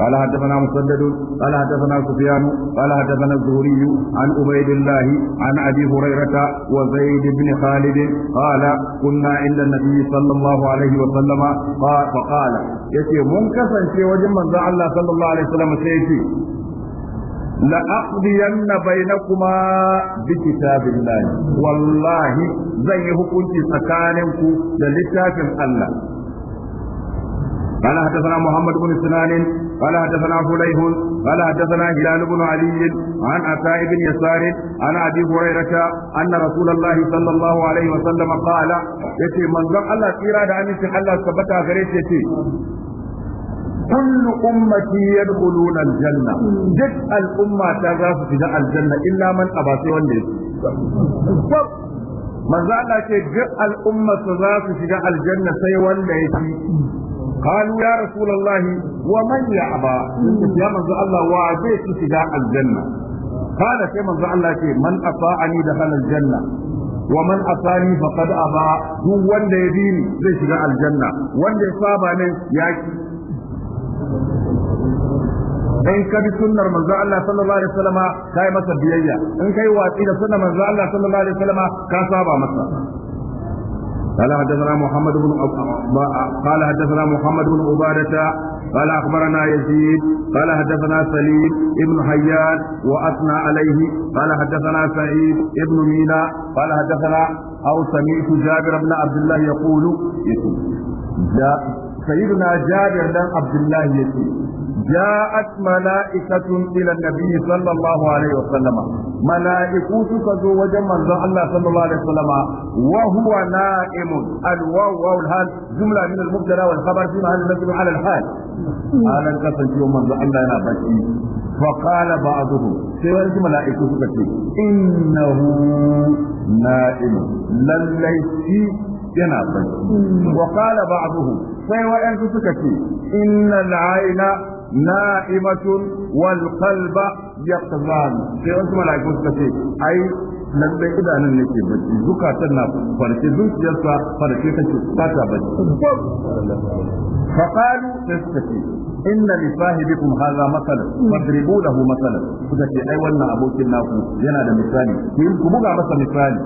قال حدثنا مسدد قال حدثنا سفيان قال حدثنا الزهري عن عبيد الله عن ابي هريره وزيد بن خالد قال كنا عند النبي صلى الله عليه وسلم فقال يتي من كسن شي وجه من الله صلى الله عليه وسلم سيتي la'aqdiyanna bainakuma bi kitabillahi wallahi zan yi hukunci tsakaninku da littafin Allah قال حدثنا محمد بن سنان قال حدثنا فليح قال حدثنا هلال بن علي عن عطاء بن يسار عن ابي هريره ان رسول الله صلى الله عليه وسلم قال يتي من الله تيرا دعني الله ثبت غريت يتي kullu ummati yadkhuluna aljanna duk al'umma ta za su shiga aljanna illa man abasi wanda yake manzo Allah ce duk al'umma za su shiga aljanna sai wanda yake قالوا يا رسول الله ومن يعبى يا منزل الله وعديت شجاع الجنة قال يا منزل الله من أطاعني دخل الجنة ومن أطاني فقد أبى هو وند يديني الجنة وند يصابني ياكي in ka bi sunnar manzo Allah sallallahu alaihi wasallam kai masa biyayya in kai watsi da sunnar manzo Allah sallallahu alaihi wasallam ka saba masa قال حدثنا محمد بن أب... قال حدثنا محمد بن عبادة قال أخبرنا يزيد قال حدثنا سليم ابن حيان وأثنى عليه قال حدثنا سعيد ابن مينا قال حدثنا أو سمعت جابر بن عبد الله يقول, يقول. جاء سيدنا جابر بن عبد الله يتي جاءت ملائكة إلى النبي صلى الله عليه وسلم ملائكة تزو وجمع الله صلى الله عليه وسلم وهو نائم الواو واو الهال جملة من المبتدا والخبر في محل نزل على الحال على القصد يوم من الله ينبكي فقال بعضهم سيوان ملائكة تكتي إنه نائم لليسي yana bacci hmm. wa qala ba'dhum sai wa'ansu suka ce innal aina na'imatun wal qalba yaqzan sai wasu mala'iku suka ce ai lalle idanun ne ke bacci zukatan na farce zuciyarsa farce take ba ta bacci fa qalu tasfi inna li sahibikum hadha masalan fadribu lahu masalan kuka ce ai wannan abokin naku yana da misali ku buga masa misali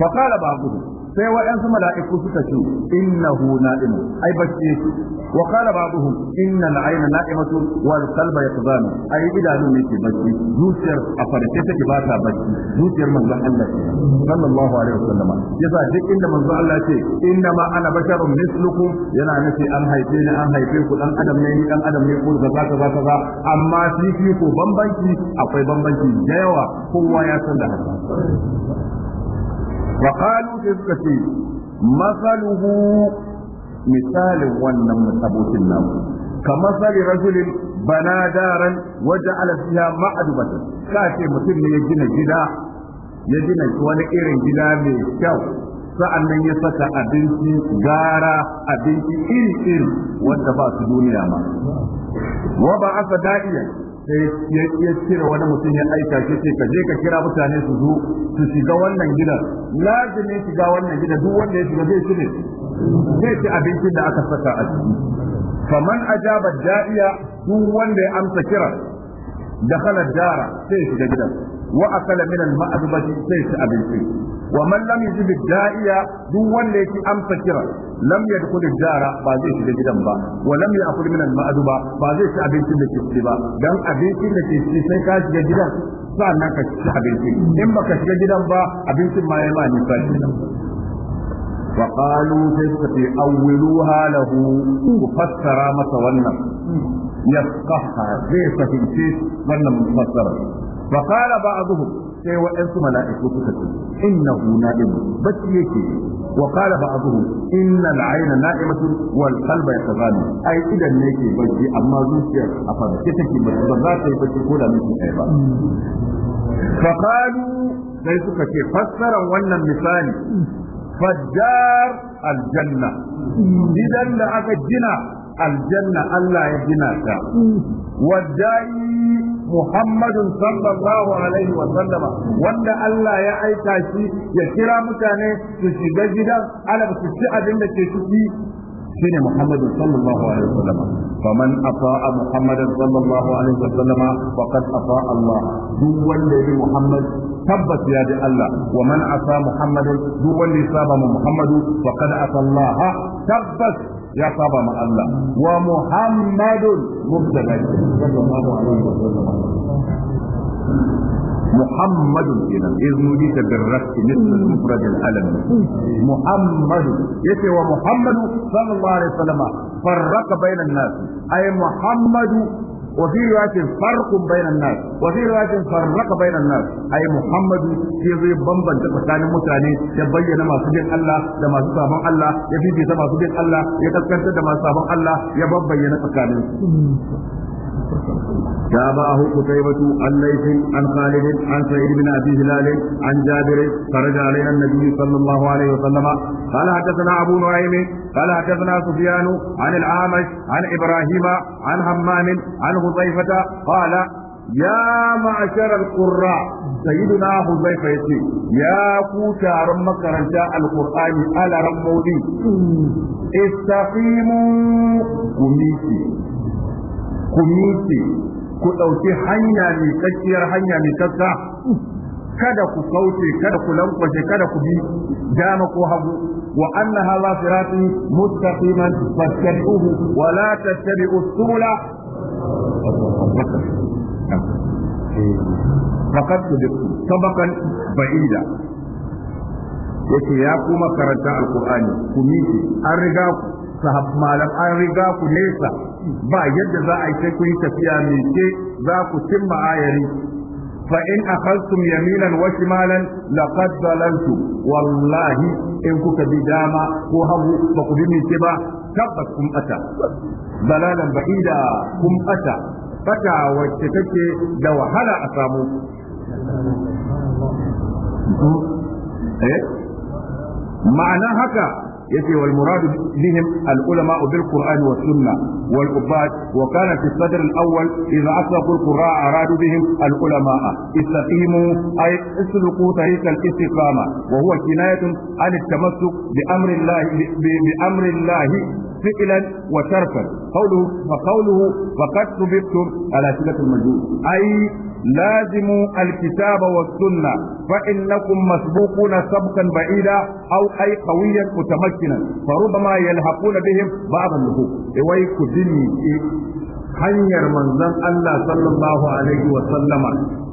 fa qala ba'dhum sai waɗansu mala'iku suka ce innahu na'im ai bacci yake wa qala ba'dhum inna al-ayna na'imatu wal qalba yaqzanu ai idanu ne ke bacci zuciyar a farke take ba ta bacci zuciyar manzon Allah sallallahu alaihi wasallam yasa duk inda manzon Allah ce inna ma ana basharun mislukum yana nufi an haife ni an haife ku dan adam ne ni dan adam ne ku da za ka za. amma shi ko bambanci akwai bambanci da yawa kowa ya san da haka وقالوا تسكتي مثله مثال ونم bana النار كمثل رجل بنى دارا وجعل فيها معدبة كاتي مثل يجن جدا يجن wani irin gida mai kyau sa'an nan ya saka abinci gara abinci iri-iri wanda ba su duniya ma. Wa ba aka da'iya sai ya kira wani mutum ya aika shi ce ka je ka kira mutane su zo su shiga wannan gidan lazimin shiga wannan gidan duk wanda ya shiga zai ci ne zai ci abincin da aka saka a ciki faman ajaba da'iya duk wanda ya amsa kira dakhala dara sai ya shiga gidan wa akala min al-ma'dubati sai ci abinci wa man lam yujib da'iya duk wanda yake amsa kira lam yadkhul dara ba zai shiga gidan ba wa lam ya'kul min al-ma'duba ba zai ci abincin da ke ba dan abincin da ke sai ka shiga gidan nan ka in baka shiga gidan ba abincin ma yayi ma ni fa fi تستطيع أولوها ku fassara masa wannan. يفقهها زي فهمتيش وانا مفسرة فقال بعضهم sai waɗansu mala'iku suka ce inna hu na'im bacci yake wa qala ba'dhu inna al-ayna na'imatun wal qalba yatazani ai idan ne ke bacci amma zuciya a farke take ba za ta yi bacci ko da miki kai ba fa sai suka ce fassara wannan misali fajjar idan da aka gina aljanna Allah ya gina ta wadai Muhammadun sallallahu alaihi wa sallama wanda Allah ya aika shi ya kira mutane su shiga gidan alab su ci abin da ke ciki shine Muhammadu sallallahu alaihi wa wasallam faman ata'a Muhammadan sallallahu alaihi wa sallama faqad ata'a Allah duk wanda ya bi Muhammad tabbas ya ji Allah wa man asa Muhammadan duk wanda ya saba Muhammadu faqad ata Allah tabbas ya saba ma Allah wa muhammadun mubtada sallallahu alaihi wa sallam محمد كنا إذ نوديت بالرفع مثل المفرد الألم محمد يتي ومحمد صلى الله عليه وسلم فرق بين الناس أي محمد وفي رواية فرق بين الناس وفي رواية فرق بين الناس أي محمد يزي بمبا تفكان متاني يبين ما سجن الله لما سبحان الله يفيد ما سجن الله يتكتب ما سبحان الله يبين تفكان تابعه قتيبة عن ليث عن خالد عن سعيد بن أبي هلال عن جابر خرج علينا النبي صلى الله عليه وسلم قال حدثنا أبو نعيم قال حدثنا سفيان عن الأعمش عن إبراهيم عن همام عن حذيفة قال يا معشر القراء سيدنا حذيفة يتي يا كوتا رمك رجاء القرآن على رمودي استقيموا قميتي ku miƙe ku ɗauki hanya mai tsakiyar hanya mai tsakka kada ku kauce kada ku lankwashe kada ku bi dama ko hagu wa anna hadha sirati mustaqiman fattabi'uhu wa la tattabi'u subula faqad sabakan ba'ida yace ya kuma karanta alqur'ani ku miki an riga ku sahab malam an riga ku nesa ba yadda za a yi sai kuyi tafiya mai ce za ku cin ma'ayari. fa in akhadtum yaminan wa shimalan laqad dalaltu wallahi in kuka bi dama ko hagu ba ku bi mai ce ba tabbas kun ata dalalan ba'ida kun ata fata wacce take da wahala a samu eh? ma'ana haka يتي والمراد بهم العلماء بالقرآن والسنة والعباد وكان في الصدر الأول إذا اطلقوا القراء ارادوا بهم العلماء استقيموا أي اسلكوا طريق الاستقامة وهو كناية عن التمسك بأمر الله بأمر الله فعلا وشرفا قوله فقوله فقد سبقتم على سلة المجهول أي لازموا الكتاب والسنة فإنكم مسبوقون سبقا بعيدا أو أي قويا متمكنا فربما يلحقون بهم بعض النفوق إويك دني hanyar manzon Allah sallallahu alaihi wa sallama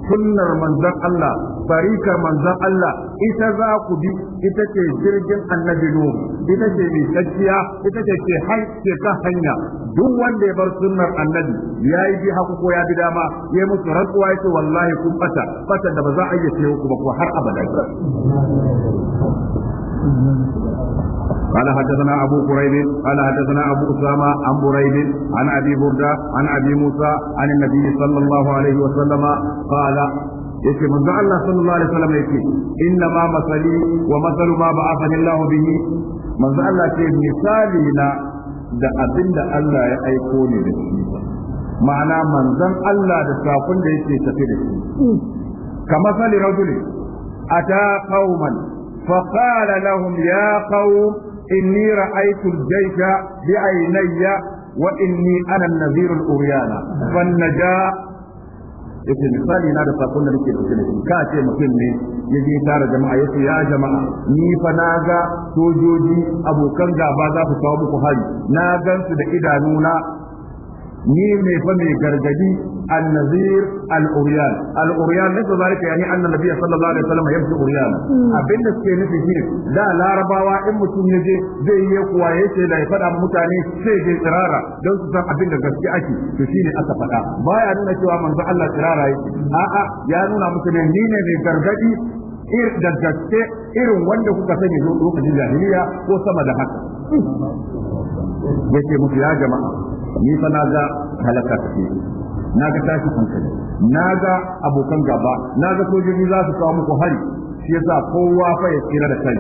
sunnar manzon Allah barikar manzon Allah ita za ku bi ita ce jirgin annabi Nuh ita ce mai tsakiya ita ce ke kan hanya duk wanda ya bar sunnar annabi ya yi bi haku ko ya bi dama ya musu rantsuwa ya ce wallahi kun bata bata da ba za a iya ku ba ko har abada قال حدثنا أبو قريب قال حدثنا أبو أسامة عن بريد عن أبي بردة عن أبي موسى عن النبي صلى الله عليه وسلم قال yake manzo Allah sallallahu alaihi wasallam yake inna ma masali wa masalu ma ba'athani Allah bihi manzo Allah ce misali na da abinda Allah ya aiko ni da shi ma'ana manzon Allah da sakon da yake tafi da shi kamar sali rajuli ata qauman فقال لهم يا قوم إني رأيت الجيش بعيني وإني أنا النذير الأريان فالنجاة yake misali na da sakon da nake dauke da shi ka ce mutum ne ya je tara jama'a ya ce ya jama'a ni fa na ga sojoji abokan gaba za su kawo muku hari na gansu da idanuna ni ne fa mai gargadi annazir al-uryan al-uryan ne zalika yani anna nabiy sallallahu alaihi wasallam yabdu uryan hmm. abin da suke nufi shi da larabawa in mutum ya je zai yi kuwa yace da ya faɗa mutane sai je tsirara don su san abin da gaske ake to shine aka faɗa baya nuna cewa manzo Allah tsirara yake a'a ya nuna musu ne ni ne mai gargadi ir da gaske irin wanda kuka sani lokacin jahiliya ko sama da haka hmm. yake mutu ya jama'a ni fa na ga halaka take na ga tashi hankali na ga abokan gaba na ga sojoji za su kawo muku hari shi yasa kowa fa ya tsira da kai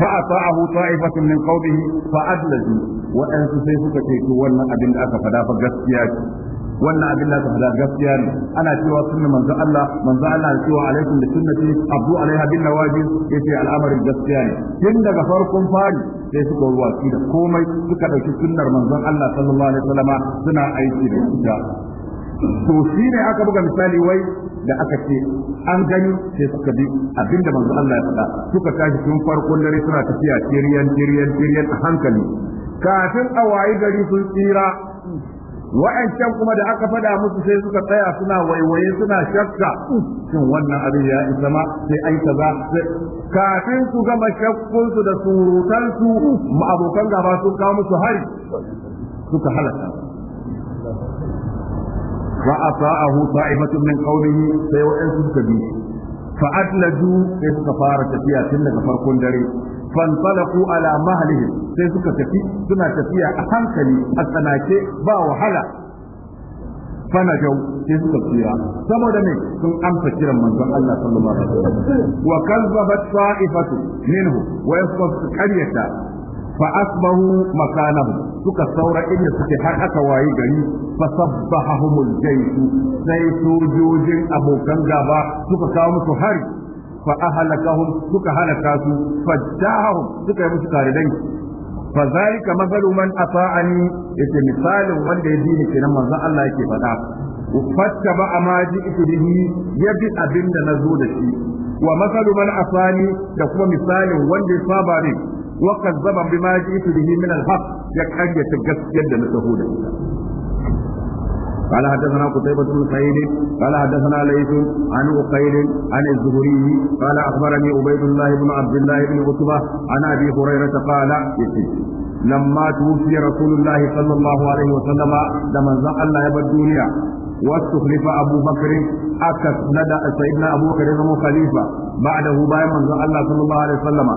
فأطاعه طائفة من قومه فأدلجوا وأنسوا سيفك abin da أبن أكا gaskiya فقسياك wannan abin da kafa gaskiya ne ana cewa sunna manzo Allah manzo Allah ya cewa alaikum bi sunnati abdu alaiha bin nawajib yace al'amarin gaskiya ne tun daga farkon fari sai suka watsi da komai suka dauki sunnar manzo Allah sallallahu alaihi wasallama suna aiki da ita to shi ne aka buga misali wai da aka ce an gani sai suka bi abinda manzo Allah ya faɗa suka tashi tun farkon dare suna tafiya tiriyan tiriyan tiriyan a hankali kafin a wayi gari sun tsira wa'ancan kuma da aka fada musu sai suka tsaya suna waiwaye suna shakka shin wannan abin ya isa ma sai ai kaza kafin su gama shakkun su da surutan su abokan gaba sun kawo musu hari suka halaka wa ata'ahu ta'ifatun min qawlihi sai wa'ansu suka bi fa adlaju sai suka fara tafiya tun daga farkon dare fanfalaku ala mahalihim sai suka tafi suna tafiya a hankali a tsanake ba wahala fana jau sai suka tsira saboda me sun amsa kiran manzon Allah sallallahu alaihi wasallam wa kazzabat ta'ifatu minhu wa yasfas qaryata fa asbahu makanahu suka saura inda suke har aka wayi gari fa sabbahumul jaysh sai sojojin abokan gaba suka kawo musu hari fa ahlakahum suka halaka su fajjahum suka yi musu taridan fa zalika masalu man ata'ani yace misalin wanda ya dini kenan manzon Allah yake faɗa fattaba amaji ji'tu bihi yabi abinda nazo da shi wa masalu man asani da kuma misalin wanda ya saba ne wa kazzaba bima ita bihi min al ya kage ta gaskiyar da na taho da ita قال حدثنا قتيبة بن سعيد قال حدثنا ليث عن عقيل عن الزهري قال أخبرني عبيد الله بن عبد الله بن عتبة عن أبي هريرة قال لما توفي رسول الله صلى الله عليه وسلم لما زق الله يبدو الدنيا واستخلف أبو بكر أكس لدى سيدنا أبو بكر زمو خليفة بعده بايا من الله صلى الله عليه وسلم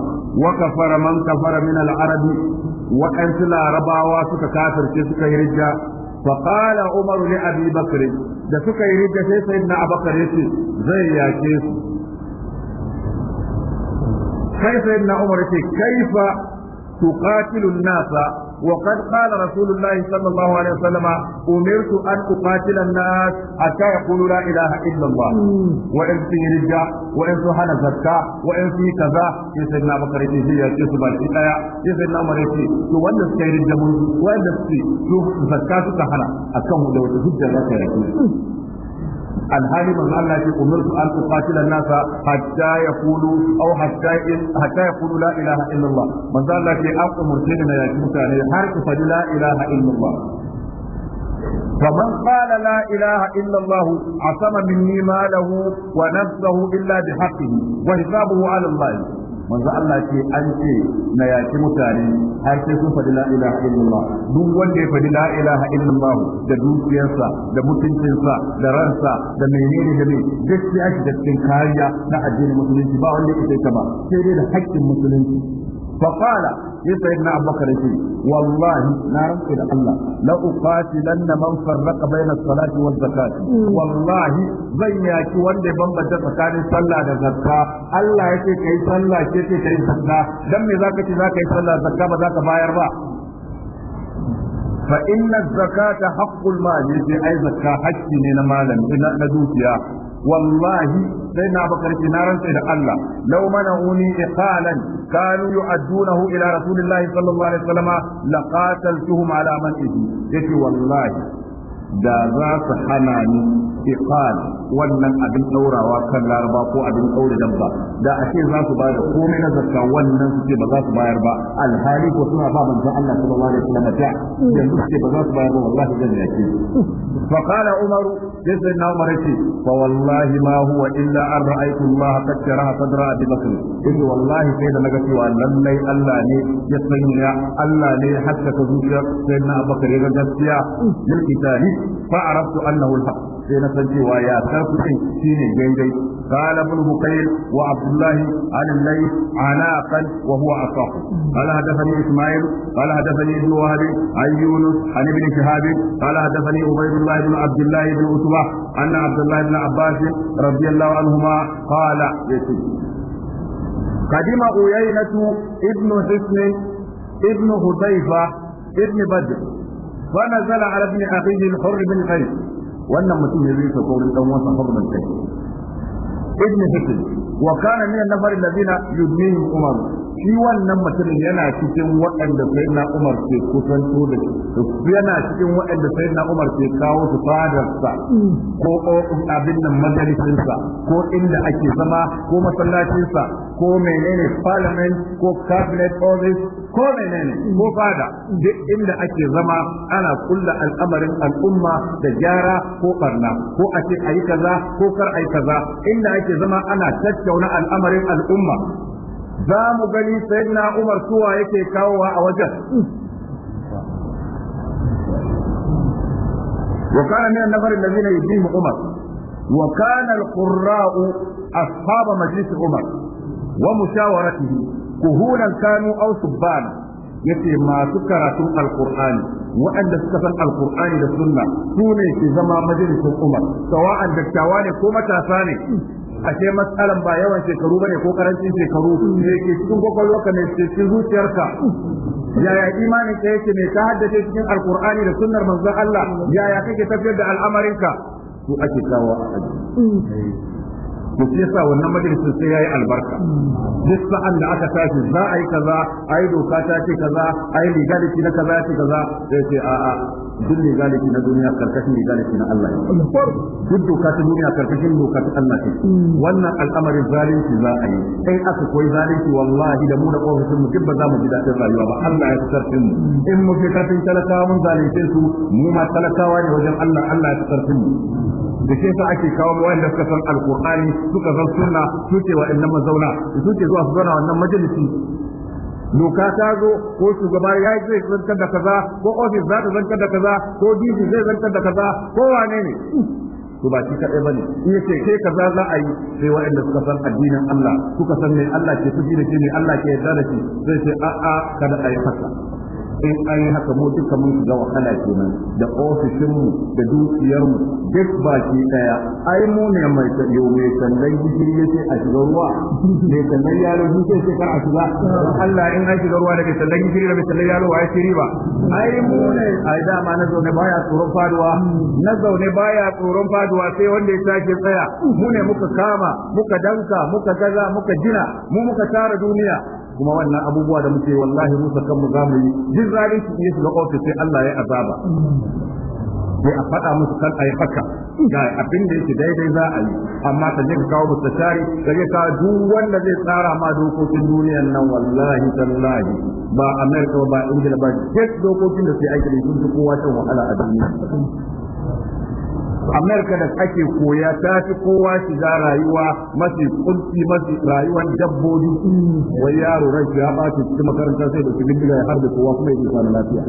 وكفر من كفر من العرب وأنت لا ربا واسك كافر تسك هرجا فقال عمر لأبي بكر da suka yi riga sai sayyidina Abubakar yace zai yake su sai na Umar yace kaifa tuqatilu an-nasa وقد قال رسول الله صلى الله عليه وسلم أمرت أن أقاتل الناس حتى يقولوا لا إله إلا الله وإن في رجع وإن في حنا زكاة وإن في كذا يسيرنا بكر يسير يسير بالإتايا يسيرنا مريتي تو وإن في رجع وإن في زكاة كهنا أكمل دور الهجة لا تركي alhali manzo Allah ya umirtu an uqatila an-nasa hatta yaqulu aw hatta hatta yaqulu la ilaha illa Allah Allah ya an na yaki mutane har ku faɗi la ilaha illa Allah فمن قال لا إله إلا الله عصم مني ماله ونفسه إلا بحقه وحسابه على الله manzo Allah ce an ce na yaki mutane har sai sun faɗi la ilaha illallah duk wanda ya faɗi la ilaha illallah da dukiyarsa da mutuncinsa da ransa da menene da me. duk sai ake da cikin kariya na addinin musulunci ba wanda ya ta ba sai dai da haƙƙin musulunci فقال سيدنا أبو بكر والله نار إلى الله لأقاتلن من فرق بين الصلاة والزكاة والله زيك وند بمبا تسكان صلى الزكاة الله يكي كي صلى كي كي زكاة دم ذاك ذاك صلى الزكاة بذاك باير با فإن الزكاة حق المال يجي أي زكاة حق من مالا إن ندوكيا wallahi sai na bakar ki na rantsa da Allah law mana'uni iqalan kanu yu'addunahu ila rasulillahi sallallahu alaihi wasallam laqataltuhum ala man yace wallahi da za su hana ni iqal wannan abin daurawa kan laraba ko abin daure dabba da ashe za su bayar komai na zakka wannan su ce ba za su bayar ba alhali ko suna ba manzon Allah sallallahu alaihi wasallam ta yanzu su ce ba za su bayar ba wallahi zan yake fa qala umaru sai na umar ce fa wallahi ma huwa illa an ra'aytu Allah qad sharaha sadra abi bakr in wallahi sai da naga cewa lallai Allah ne ya sanya Allah ne ya haskaka zuciyar na abubakar ya gaskiya lil kitani fa arabtu annahu al-haq sai na san cewa ya sarku din shine daidai قال ابن بكير وعبد الله عن الليل علاقا وهو اصح قال حدثني اسماعيل قال حدثني ابن وهب عن يونس عن ابن شهاب قال حدثني عبيد الله بن عبد الله بن عتبه ان عبد الله بن عباس رضي الله عنهما قال يسير قدم عيينة ابن حسن ابن حذيفة ابن بدر فنزل على ابن أخيه الحر بن قيس وأن متين يزيد تقول أن وصف بن قيس ابن هكل وكان من النفر الذين يدنيهم عمر shi wannan mutumin yana cikin waɗanda sai na umar ke kusanto da shi yana cikin waɗanda sai na umar ke kawo su fadarsa ko abin nan majalisinsa ko inda ake zama ko masallacinsa ko menene parliament ko cabinet office ko menene ko fada duk inda ake zama ana kulla al'amarin al'umma da gyara ko barna ko a ce ayi kaza ko kar ayi kaza inda ake zama ana tattauna al'amarin al'umma za mu gani sayyidina Umar suwa yake kawowa a wajen وكان من النفر الذين يديهم عمر وكان القراء أصحاب مجلس عمر ومشاورته kuhunan kanu aw subbana yace masu karatun alqur'ani waɗanda suka san alqur'ani da sunna su ne ke zama majalisin umar sawa'an dattawa ne ko matasa ne ashe matsalan ba yawan shekaru bane ko karancin shekaru ne ke cikin kwakwalwarka ne ke cikin zuciyarka yaya imanin ka yake ne ka haddace cikin alqur'ani da sunnar manzon Allah yaya kake tafiyar da al'amarinka su ake kawo a aji mm. eh. to shi yasa wannan majalisin sai yayi albarka duk sa'an da aka tashi za a yi kaza a yi doka ta ce kaza a yi legality na kaza ya ce kaza sai ce a'a duk legality na duniya karkashin legality na Allah ne duk doka ta duniya karkashin doka ta Allah ce wannan al'amarin zalunci za a yi in aka koyi zalunci wallahi da mu da kofisin mu duk ba za mu ji daɗin rayuwa ba Allah ya fitar mu in mu fi karfin talakawa mun zalunce su mu ma talakawa ne wajen Allah Allah ya fitar mu da shi yasa ake kawo wanda suka san alqur'ani suka san sunna su ce wa'annan mazauna su ce zuwa su zauna wannan majalisi doka ta zo ko shugaba ya yi zai zantar da kaza ko ofis za ta zantar da kaza ko diji zai zantar da kaza ko wane ne to ba shi kaɗai ba ne in yace ke kaza za a yi sai waɗanda suka san addinin Allah suka san me Allah ke fushi da shi ne Allah ke yarda da shi zai sai a'a kada a yi fasa. in an yi haka mu duka mun shiga wahala kenan da ofishinmu da dukiyarmu duk baki daya ai mu ne mai tsayo mai sandan gishiri yace a shiga ruwa mai sandan yaro gishiri yace kar a shiga Allah in an shiga ruwa da mai sandan gishiri da mai sandan yaro wa yace riba ai mu ne ai dama na zaune baya tsoron faduwa na zaune baya tsoron faduwa sai wanda ya sake tsaya mu ne muka kama muka danka muka gaza muka jina mu muka tara duniya kuma wannan abubuwa da muke wallahi musa kanmu za mu yi duk zalunci iya shiga ofis sai Allah ya azaba sai a faɗa musu kan a yi haka ga abin da yake daidai za a yi amma ka je ka kawo mustashari ka je ka duk wanda zai tsara ma dokokin duniyan nan wallahi tallahi ba Amerika ba Ingila ba duk dokokin da sai ake sun fi kowa shan wahala a duniya amerika da ake koya ta fi kowa shiga rayuwa mafi kunci mafi rayuwar dabbobi wai yaro ran ya ba cikin makaranta sai da su bindiga ya har da kowa kuma ya isa lafiya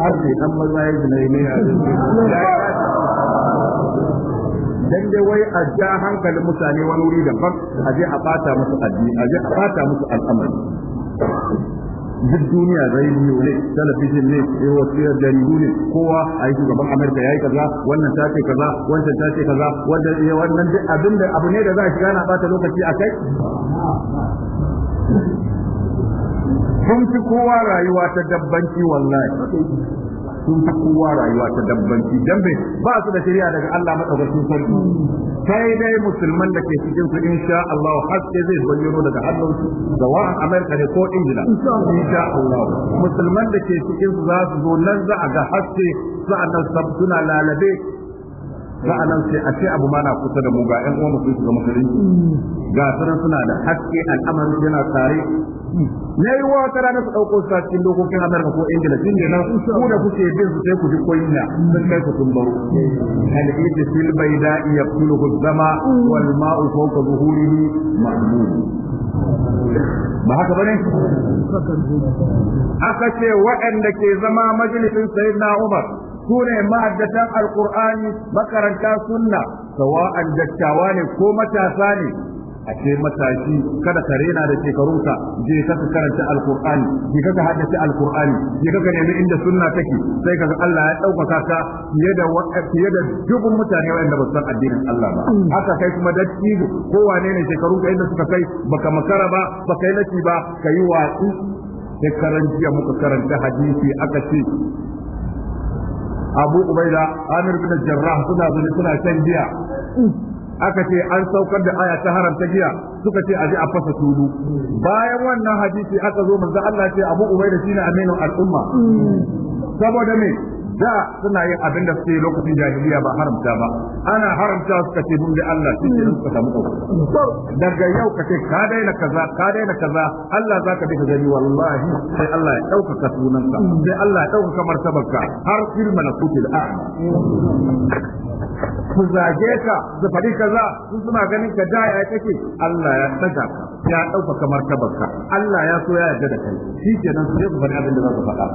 har sai dan maza ya zina ne ya in dai wai a ja hankalin mutane wani wuri daban a je a bata musu addini a je a bata musu al'amari duk duniya zai yi ne talabijin ne ya eh, wasiyar jaridu ne kowa a yi shugaban amurka ya yi kaza wannan ta ce kaza wancan ta ce kaza eh, wannan duk abin da abu ne da za a shiga na bata lokaci a kai kun fi kowa rayuwa ta dabbanci wallahi sun fi kowa rayuwa ta dabbanci dan bai ba su da shari'a daga Allah madaukakin sarki sai dai musulman da ke cikin su insha Allah haske zai bayyano daga hannun su da wa Amerika ne ko Ingila insha Allah musulman da ke cikin su za su zo nan za a ga haske sa'annan suna lalabe sa'annan sai a ce abu mana kusa da mu ga ƴan uwan su ga musulunci ga sanan suna da haske al'amarin yana tare ne yi wa wata ranar su ɗauko su cikin dokokin Amurka ko Ingila tun da ku da kuke bin su sai ku ji na sun kai ku sun baro al-ibti fil bayda ku zama wal ma'u zuhuri zuhurihi ma'amu ba haka bane aka ce waɗanda ke zama majalisin sayyidina Umar sune ma'addatan alqur'ani makaranta sunna sawa'an dattawa ne ko matasa ne a ce matashi kada ka rena da shekarunka je ka karanta alqur'ani je ka haddace alqur'ani je ka nemi inda sunna take sai kaga Allah ya ɗaukaka ka fiye da fiye da dubun mutane wanda ba san addinin Allah ba mm. haka kai kuma dattijo ko wane ne shekarunka inda suka kai baka makara ba baka yi laki ba kai watsi sai karanta muka karanta hadisi aka ce abu ubaida amir bin jarrah suna zuwa suna shan giya aka ce an saukar da aya ta haramta giya suka ce aje a fasa tulu bayan wannan hadisi aka zo manzo Allah ce abu ubaida shine aminu al'umma mm. saboda me da suna yin abin da suke lokacin jahiliya ba haramta ba ana haramta suka ce mun bi Allah shi ne suka samu daga yau ka ce ka daina kaza ka daina kaza Allah za ka bi ka gani wallahi sai Allah ya ɗaukaka sunanka sai Allah ya ɗaukaka martabarka har filma na kutil a'ma ku zage ka su faɗi kaza su suna ganin ka da ya kake Allah ya daga ka ya ɗaukaka martabarka Allah ya so ya yarda da kai shi kenan sai ku faɗi abin da za ku faɗa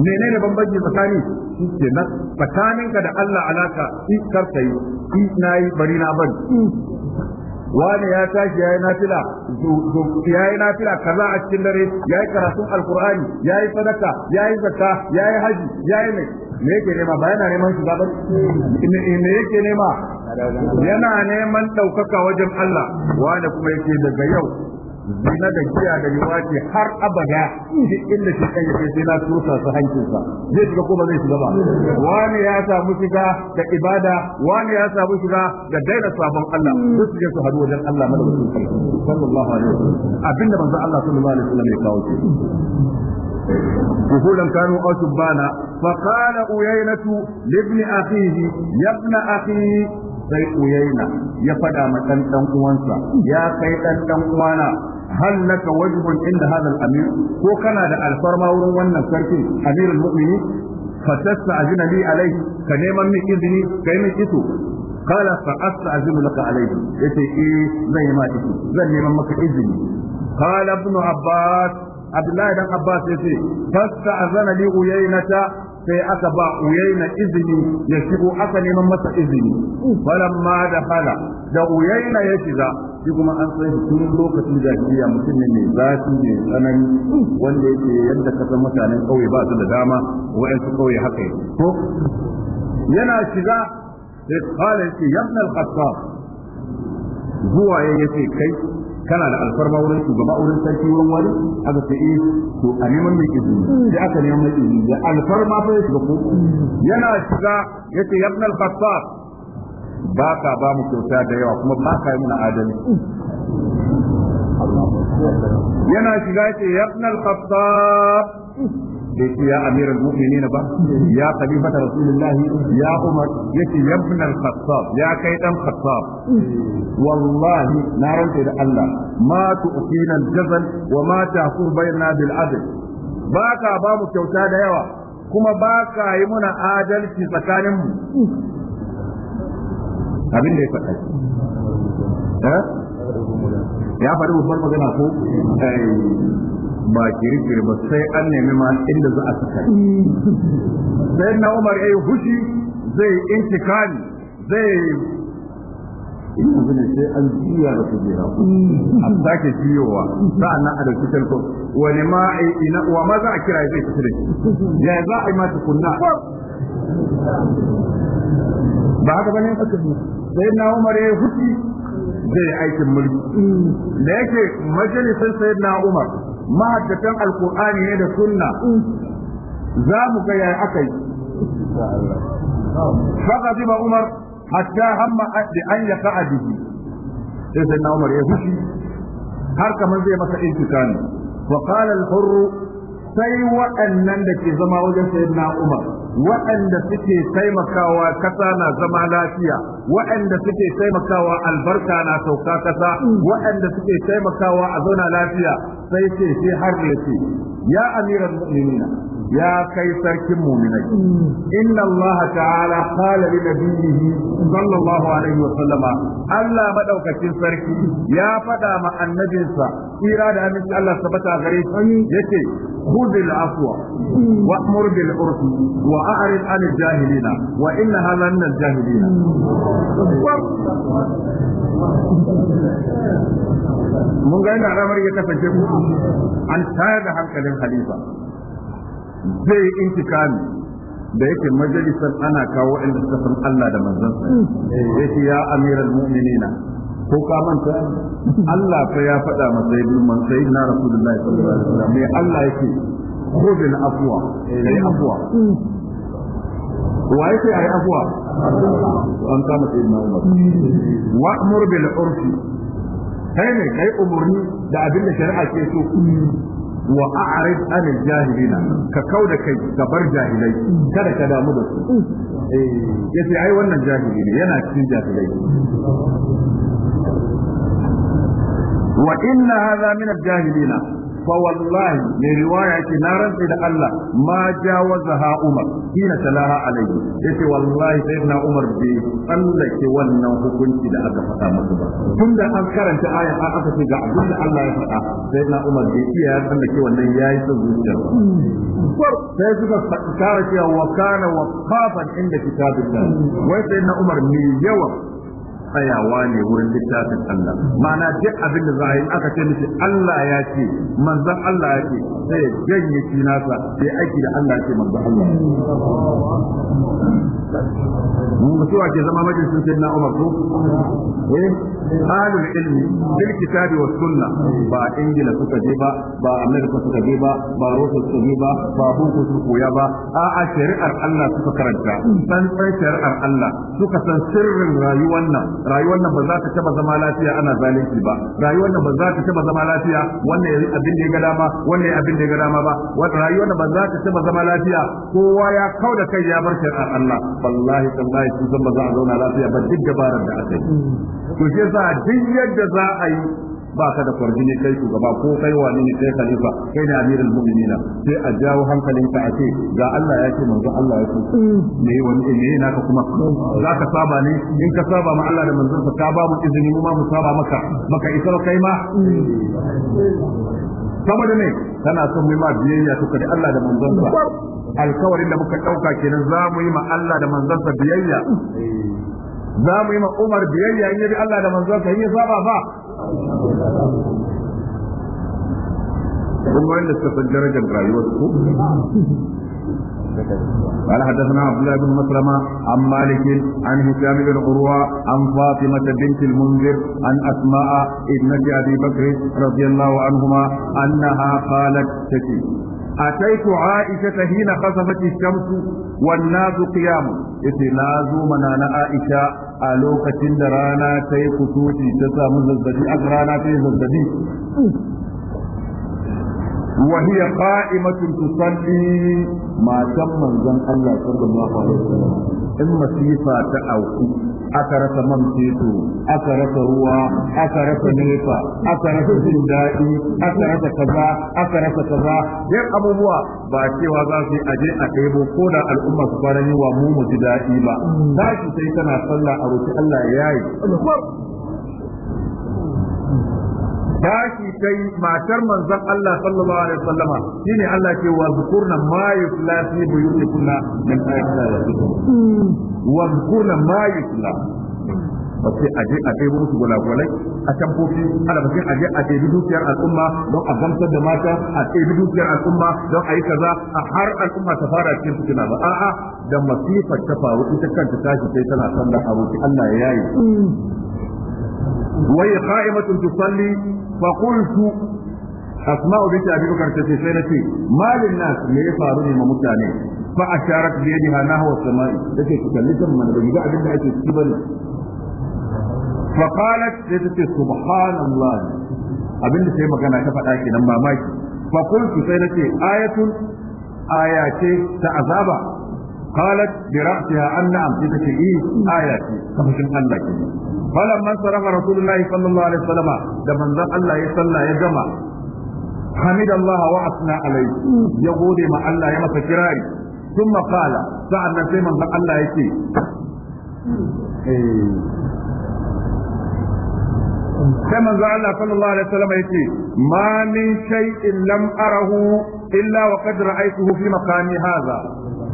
menene bambanci tsakani shi ke nan tsakaninka da Allah alaka shi karka yi shi na yi bari na bari wani ya tashi yayi nafila yayi nafila kaza a cikin dare yayi karatun alqur'ani yayi sadaka yayi zakka yayi haji yayi ne me yake nema ba yana neman shiga ba me yake nema yana neman daukaka wajen Allah wani kuma yake daga yau zina da giya da liwaji har abada duk inda shi kan yake sai na tusa su hankinsa zai shiga ko ba zai shiga ba wani ya samu shiga da ibada wani ya samu shiga da daina sabon Allah duk su je su haɗu wajen Allah madaukakin sallallahu alaihi wasallam abinda manzo Allah sallallahu alaihi wasallam ya kawo shi رسولا كانوا او فقال أيينة لابن أخيه يا ابن أخي sai أيينة ya fada ma يا dan uwansa ya kai uwana hal laka wajhun inda hadha al-amir ko kana da alfarma wurin wannan sarki amirul mu'minin fatasta'jin li alayhi ka neman min izini kai min iso qala fa asta'jin laka alayhi yace eh zai ma iso zan neman maka izini qala ibn abbas abdullahi dan abbas yace fasta'zana li uyaynata sai aka ba uyaina izini ya shigo aka neman masa izini falamma da hala da uyaina ya shiga shi kuma an san shi tun lokacin jahiliya mutum ne mai zafi ne tsanani wanda yake yadda ka san mutanen kauye ba su da dama wa'ansu kauye haka yake ko yana shiga sai kala yake yabna al-khattab zuwa yace kai kana da alfarma wurin shugaba wurin sarki wurin wani aka ce eh to a neman mai izini sai aka neman mai izini da alfarma fa ya shiga ko yana shiga yace yabna al-khattab ba ka ba mu kyauta da yawa kuma ba ka yi mana adalci yana shiga ce yabna al-khattab da yake ya amiral mu'minina ba ya khalifata rasulullah ya umar yake yabna al-khattab ya kai dan khattab wallahi na ranta da Allah ma tu'tina al-jazal wa ma tahkur bainana bil adl ba ka ba mu kyauta da yawa kuma ba ka yi muna adalci tsakaninmu abin da ya faɗa eh? ya faɗi babbar magana ko ba kirkiri ba sai an nemi ma inda za a saka sai na umar ya yi hushi zai intikani zai ina gudun sai an juya da kujera a sake juyowa sa'annan a dauki telefon wani ma ina wa ma za a kira zai fita da shi ya za a yi mata kunna ba haka bane aka fi sai na umar ya huti zai aikin mulki da yake majalisar sai na umar mahaddatan alkur'ani ne da sunna za mu ga yaya aka yi Umar, hatta حتى هم بأن يقع به sai na umar ya huti har kamar zai masa intikami wa qala al-hurr sai waɗannan da ke zama wajen sayyidina Umar waɗanda suke taimakawa ƙasa na zama lafiya waɗanda suke taimakawa albarka na sauka ƙasa waɗanda suke taimakawa a zauna lafiya sai ce sai har ya ce ya amiran mu'minina يا كيسر كمومنين إن الله تعالى قال لنبيه صلى الله عليه وسلم ألا بدو كتن سركي يا فدا مع النبي سا إرادة أمس الله سبتا غريب يتي خذ العفو وأمر بالعرف وأعرض عن الجاهلين وإن هذا من الجاهلين mun ga yana ramar ya kasance an tayar da hankalin halifa zai intikami da yake majalisar ana kawo inda suka san Allah da manzansa yake ya amiral mu'minina ko ka manta Allah fa ya faɗa masa ibn man sayyidina rasulullahi sallallahu alaihi wasallam Me Allah yake khudil afwa kai afwa wa yake ayi afwa an kama sayyidina Umar wa'mur bil urfi kai ne kai umurni da abin da shari'a ke so wa a'rid anil jahilina ka kauda kai gabar bar jahilai kada ka damu da su eh yace ai wannan jahili ne yana cikin jahilai wa inna hadha min al-jahilina fa wallahi ruwa riwaya ce na rantsa da Allah ma jawazaha Umar kina talaha alaihi yace wallahi sayyidina Umar bai tsallake wannan hukunci da aka faɗa masa tunda an karanta aya an aka ce ga abin da Allah ya faɗa sayyidina Umar bai iya ya wannan son zuciya sai suka kara cewa wa kana waqafan inda kitabillah wai na Umar mai yawa tsayawa ne wurin littafin Allah ma'ana duk abin da za a yi aka ce miki Allah ya ce manzon Allah ya ce sai janye shi nasa sai aiki da Allah ya ce manzon Allah mun ga cewa ke zama majalisin sayyidina Umar ko eh alul ilmi bil kitabi was sunna ba ingila suka je ba ba amerika suka je ba ba rosa suka je ba ba boko su koya ba a a shari'ar Allah suka karanta san san shari'ar Allah suka san sirrin rayuwar nan rayuwar nan ba za ta taba zama lafiya ana zalunci ba rayuwar nan ba za ta taba zama lafiya wannan abin da ya ga dama wannan abin da ya ga dama ba wannan rayuwar nan ba za ta taba zama lafiya kowa ya da kai ya bar a Allah wallahi tallahi su san ba za a zauna lafiya ba duk dabarar da aka yi to shi yasa duk yadda za a yi ba ka da kwarjini kai shugaba ko kai wani ne kai khalifa kai ne amirul mu'minina sai a jawo hankalinka a ce ga Allah ya ce manzo Allah ya ce me wani ne ka kuma za ka saba ne in ka saba ma Allah da manzon ka ba mu izini mu ma mu saba maka maka isa kai ma saboda ne kana son mu ma biyayya to da Allah da manzon sa alkawarin da muka dauka kenan za mu yi ma Allah da manzon sa biyayya za mu yi ma Umar biyayya in yi Allah da manzon sa in ya saba ba kuma wanda suka san darajar rayuwar su قال حدثنا عبد الله بن مسلمة عن مالك عن هشام بن عروة عن فاطمة بنت المنذر عن أسماء ابنة أبي بكر رضي الله عنهما أنها قالت تكي أتيت عائشة حين خسفت الشمس والناس قيام يتنازو منانا عائشة ألوكة رانا تيكتوتي تسامز الزدي أقرانا في الزدي وهي قائمة تصلي ما تم من الله صلى الله عليه وسلم إما سيفا تأوكو أكرت ممسيتو أكرت روا أكرت نيفا أكرت سندائي أكرت كذا أكرت كذا يا أبو بوا باكي وذا في أجي أكيبو كودا الأمة سبحانه ومو مجدائي با ذاك سيكنا صلى أبو الله ياي bashi kai matar manzon Allah sallallahu alaihi wasallama shine Allah ke wa zukurna ma yusla fi buyutikunna min ayatin wa zukurna ma yusla ba sai a je a ɗebo musu gulagulai a tamfofi ana ba sai aje je a ɗebi dukiyar al'umma don a gamsar da mata a ɗebi dukiyar al'umma don a yi kaza a har al'umma ta fara cikin fitina ba a'a da masifar ta faru ita kanta tashi sai tana sallar a roki Allah ya yi. وهي قائمة تصلي فقلت أسماء بنت أبي بكر تتسينتي ما للناس ما يفعلون ما متاني فأشارت بيدها نحو السماء تتي تكلم من بيجا أبن أتي تبني فقالت تتي سبحان الله أبن سيما كان أتفع آكي نما مايك فقلت سينتي آية آياتي تعذابا قالت برأسها أن نعم تتك إيه آياتي فمشن الله كده فلما انصرف رسول الله صلى الله عليه وسلم لمن ذا الله يصلى يجمع حمد الله وأثنى عليه يقول ما الله يمس كراري ثم قال سعد في من الله يتي sai manzo Allah sallallahu alaihi wasallam yace ma min shay'in lam arahu illa wa qad ra'aytuhu fi maqami hadha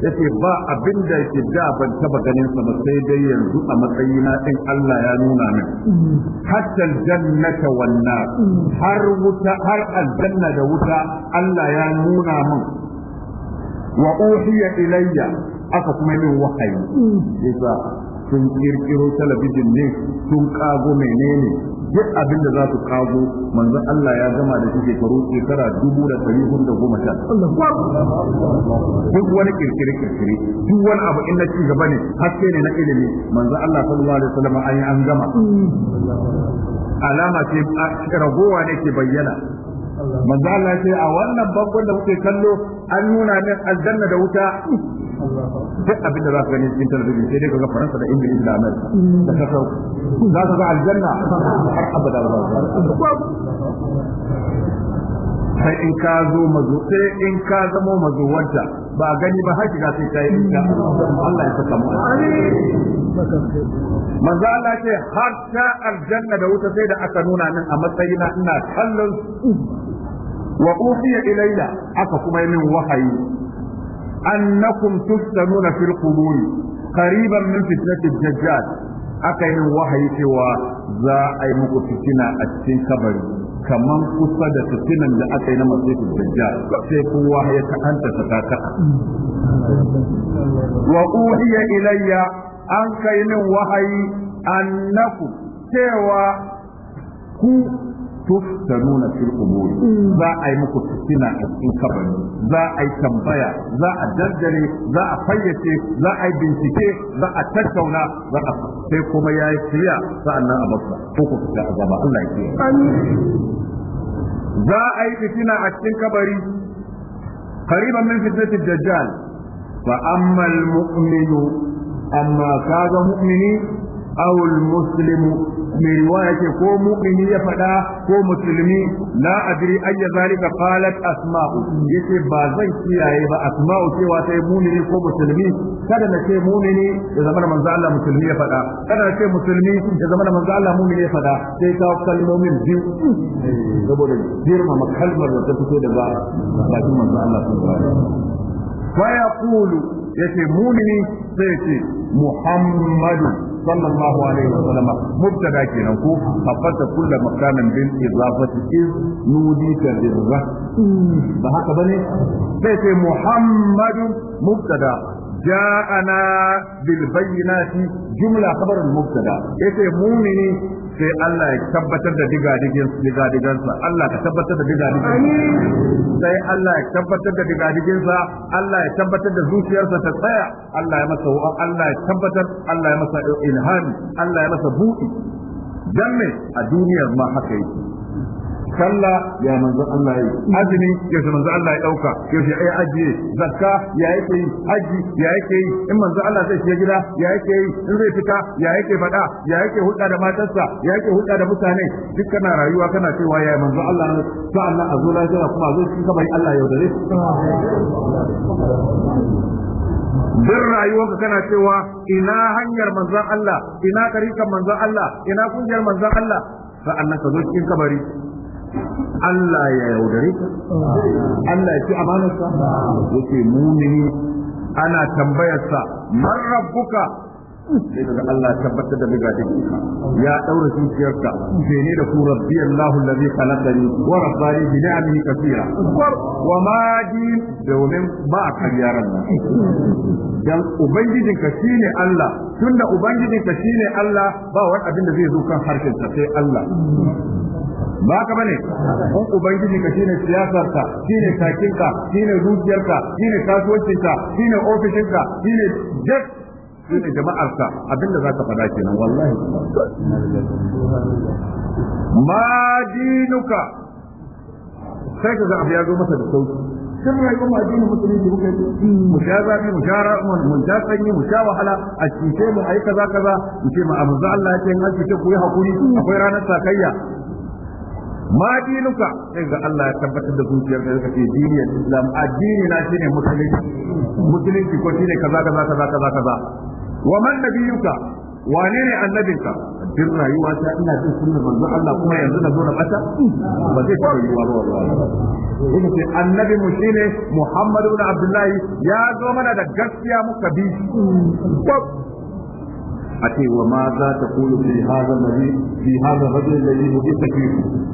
yace ba abin da yake da ban taba ganin ba sai dai yanzu a matsayina din Allah ya nuna min hatta aljannata wan har wuta har aljanna da wuta Allah ya nuna min wa uhiya ilayya aka kuma min wahayi sun kirkiro talabijin ne sun kago menene duk abin da za su kago manzon Allah ya zama da shi shekaru shekara dubu da ɗari hudu da goma sha duk wani kirkire kirkire duk wani abu in na ci gaba ne haske ne na ilimi manzon Allah sallallahu alaihi wasallam an yi an gama alama ce ragowa ne ke bayyana manzo Allah ce a wannan bangon da kuke kallo an nuna min aljanna da wuta duk abin da za ka gani cikin talabijin sai dai kaga faransa da ingilishi da amurka da kasau za ka ga aljanna har abada ba sai in ka zo mazo sai in ka zamo mazo wanda ba gani ba haki da sai ka yi ka Allah ya saka mu manzo Allah ce ta aljanna da wuta sai da aka nuna nan a matsayina ina kallon su. wa ufiya ilayya aka kuma yi min wahayi annakum tuftanuna fil quburi qariban min fitnatil dajjal aka yi wahayi cewa za a yi muku fitina a cikin kabari kaman kusa da fitinan da aka yi na masu dajjal sai kowa ya ta'anta sakaka wa uhiya ilayya an kai min wahayi annaku cewa ku nuna fil qubur mm. za a yi muku fitina a cikin kabari za a yi tambaya za a daddare za a fayyace za a bincike za a tattauna za a sai kuma yayi kiriya sa'annan a bakka ko ku fita azaba Allah ya kiyaye za a yi fitina a cikin kabari kariba min fitnatil dajjal fa amma amma kaga mu'mini aw muslim mai riwaya ce ko mu'mini ya faɗa ko musulmi la adri ayya zalika qalat asma'u yace ba zan kiyaye ba asma'u cewa sai mu'mini ko musulmi kada na ce mu'mini ya zama manzo Allah musulmi ya faɗa kada na ce musulmi ya zama manzo Allah mu'mini ya faɗa sai ka kalmomin biyu saboda girmama kalmar da ta fito daga bakin manzo Allah sallallahu alaihi wasallam yace mumini sai ce muhammadu sallallahu alaihi wa sallama mubtada kenan ko habbata kullu makanan bil izafati iz nudika bil ba haka bane sai ce muhammadu mubtada جاءنا بالبينات jumla خبر المبتدا yace mumini sai Allah ya tabbatar da digadigansa Allah ka tabbatar da digadigansa sai Allah ya tabbatar da digadigansa Allah ya tabbatar da zuciyarsa ta tsaya Allah ya masa Allah ya tabbatar Allah ya masa ilhami Allah ya masa buɗi dan me a duniyar ma haka yake sallah ya manzon Allah yi azumi yaushe manzon Allah ya dauka yaushe ai ajiye zakka ya yake yi haji ya yake yi in manzon Allah zai shiga gida ya yake yi in zai fita ya yake fada ya yake hulɗa da matarsa ya yake hulɗa da mutane duk kana rayuwa kana cewa ya manzon Allah sa'annan a zo lafiya kuma a zo cikin kabari Allah yaudare duk rayuwarka kana cewa ina hanyar manzon Allah ina tarikan manzon Allah ina kungiyar manzon Allah sa'annan ka zo cikin kabari Allah ya yaudare ka Allah ya ci amanarsa yake mumini ana tambayarsa man rabbuka sai daga Allah tabbatar da biga da ya daura zuciyarka sai ne da ku rabbi Allahu allazi khalaqani wa rabbani bi ni'amihi kaseera wa ma ji domin ba a karyaran nan dan ubangijin ka shine Allah tunda ubangijin ka shine Allah ba wani abin da zai zo kan harkar sai Allah ba ka bane in ubangiji ka shine siyasarka shine takinka shine dukiyarka shine kasuwancinka shine ofishinka shine duk shine jama'arka abinda za ka faɗa kenan wallahi ma dinuka sai ka zaɓi ya zo masa da sauki sun rayuwar addini musulunci muka yi mu sha zafi mu sha mu sha sanyi mu sha wahala a cice mu a yi kaza kaza mu ce ma abu za Allah ya ce in an ku yi hakuri akwai ranar sakayya ma dinuka sai ga Allah ya tabbatar da zuciyar da kake diniyar Islam addini na shine musulunci musulunci ko shine kaza kaza kaza kaza kaza wa man nabiyuka wane ne annabinka duk rayuwa ta ina jin sunnar manzo Allah kuma yanzu na zo na bata ba zai fara yiwa ba wallahi kuma annabi mu shine Muhammadu ibn Abdullahi ya zo mana da gaskiya muka bi ake wa ma za ta kulu fi haza mari fi da yi mu isa ki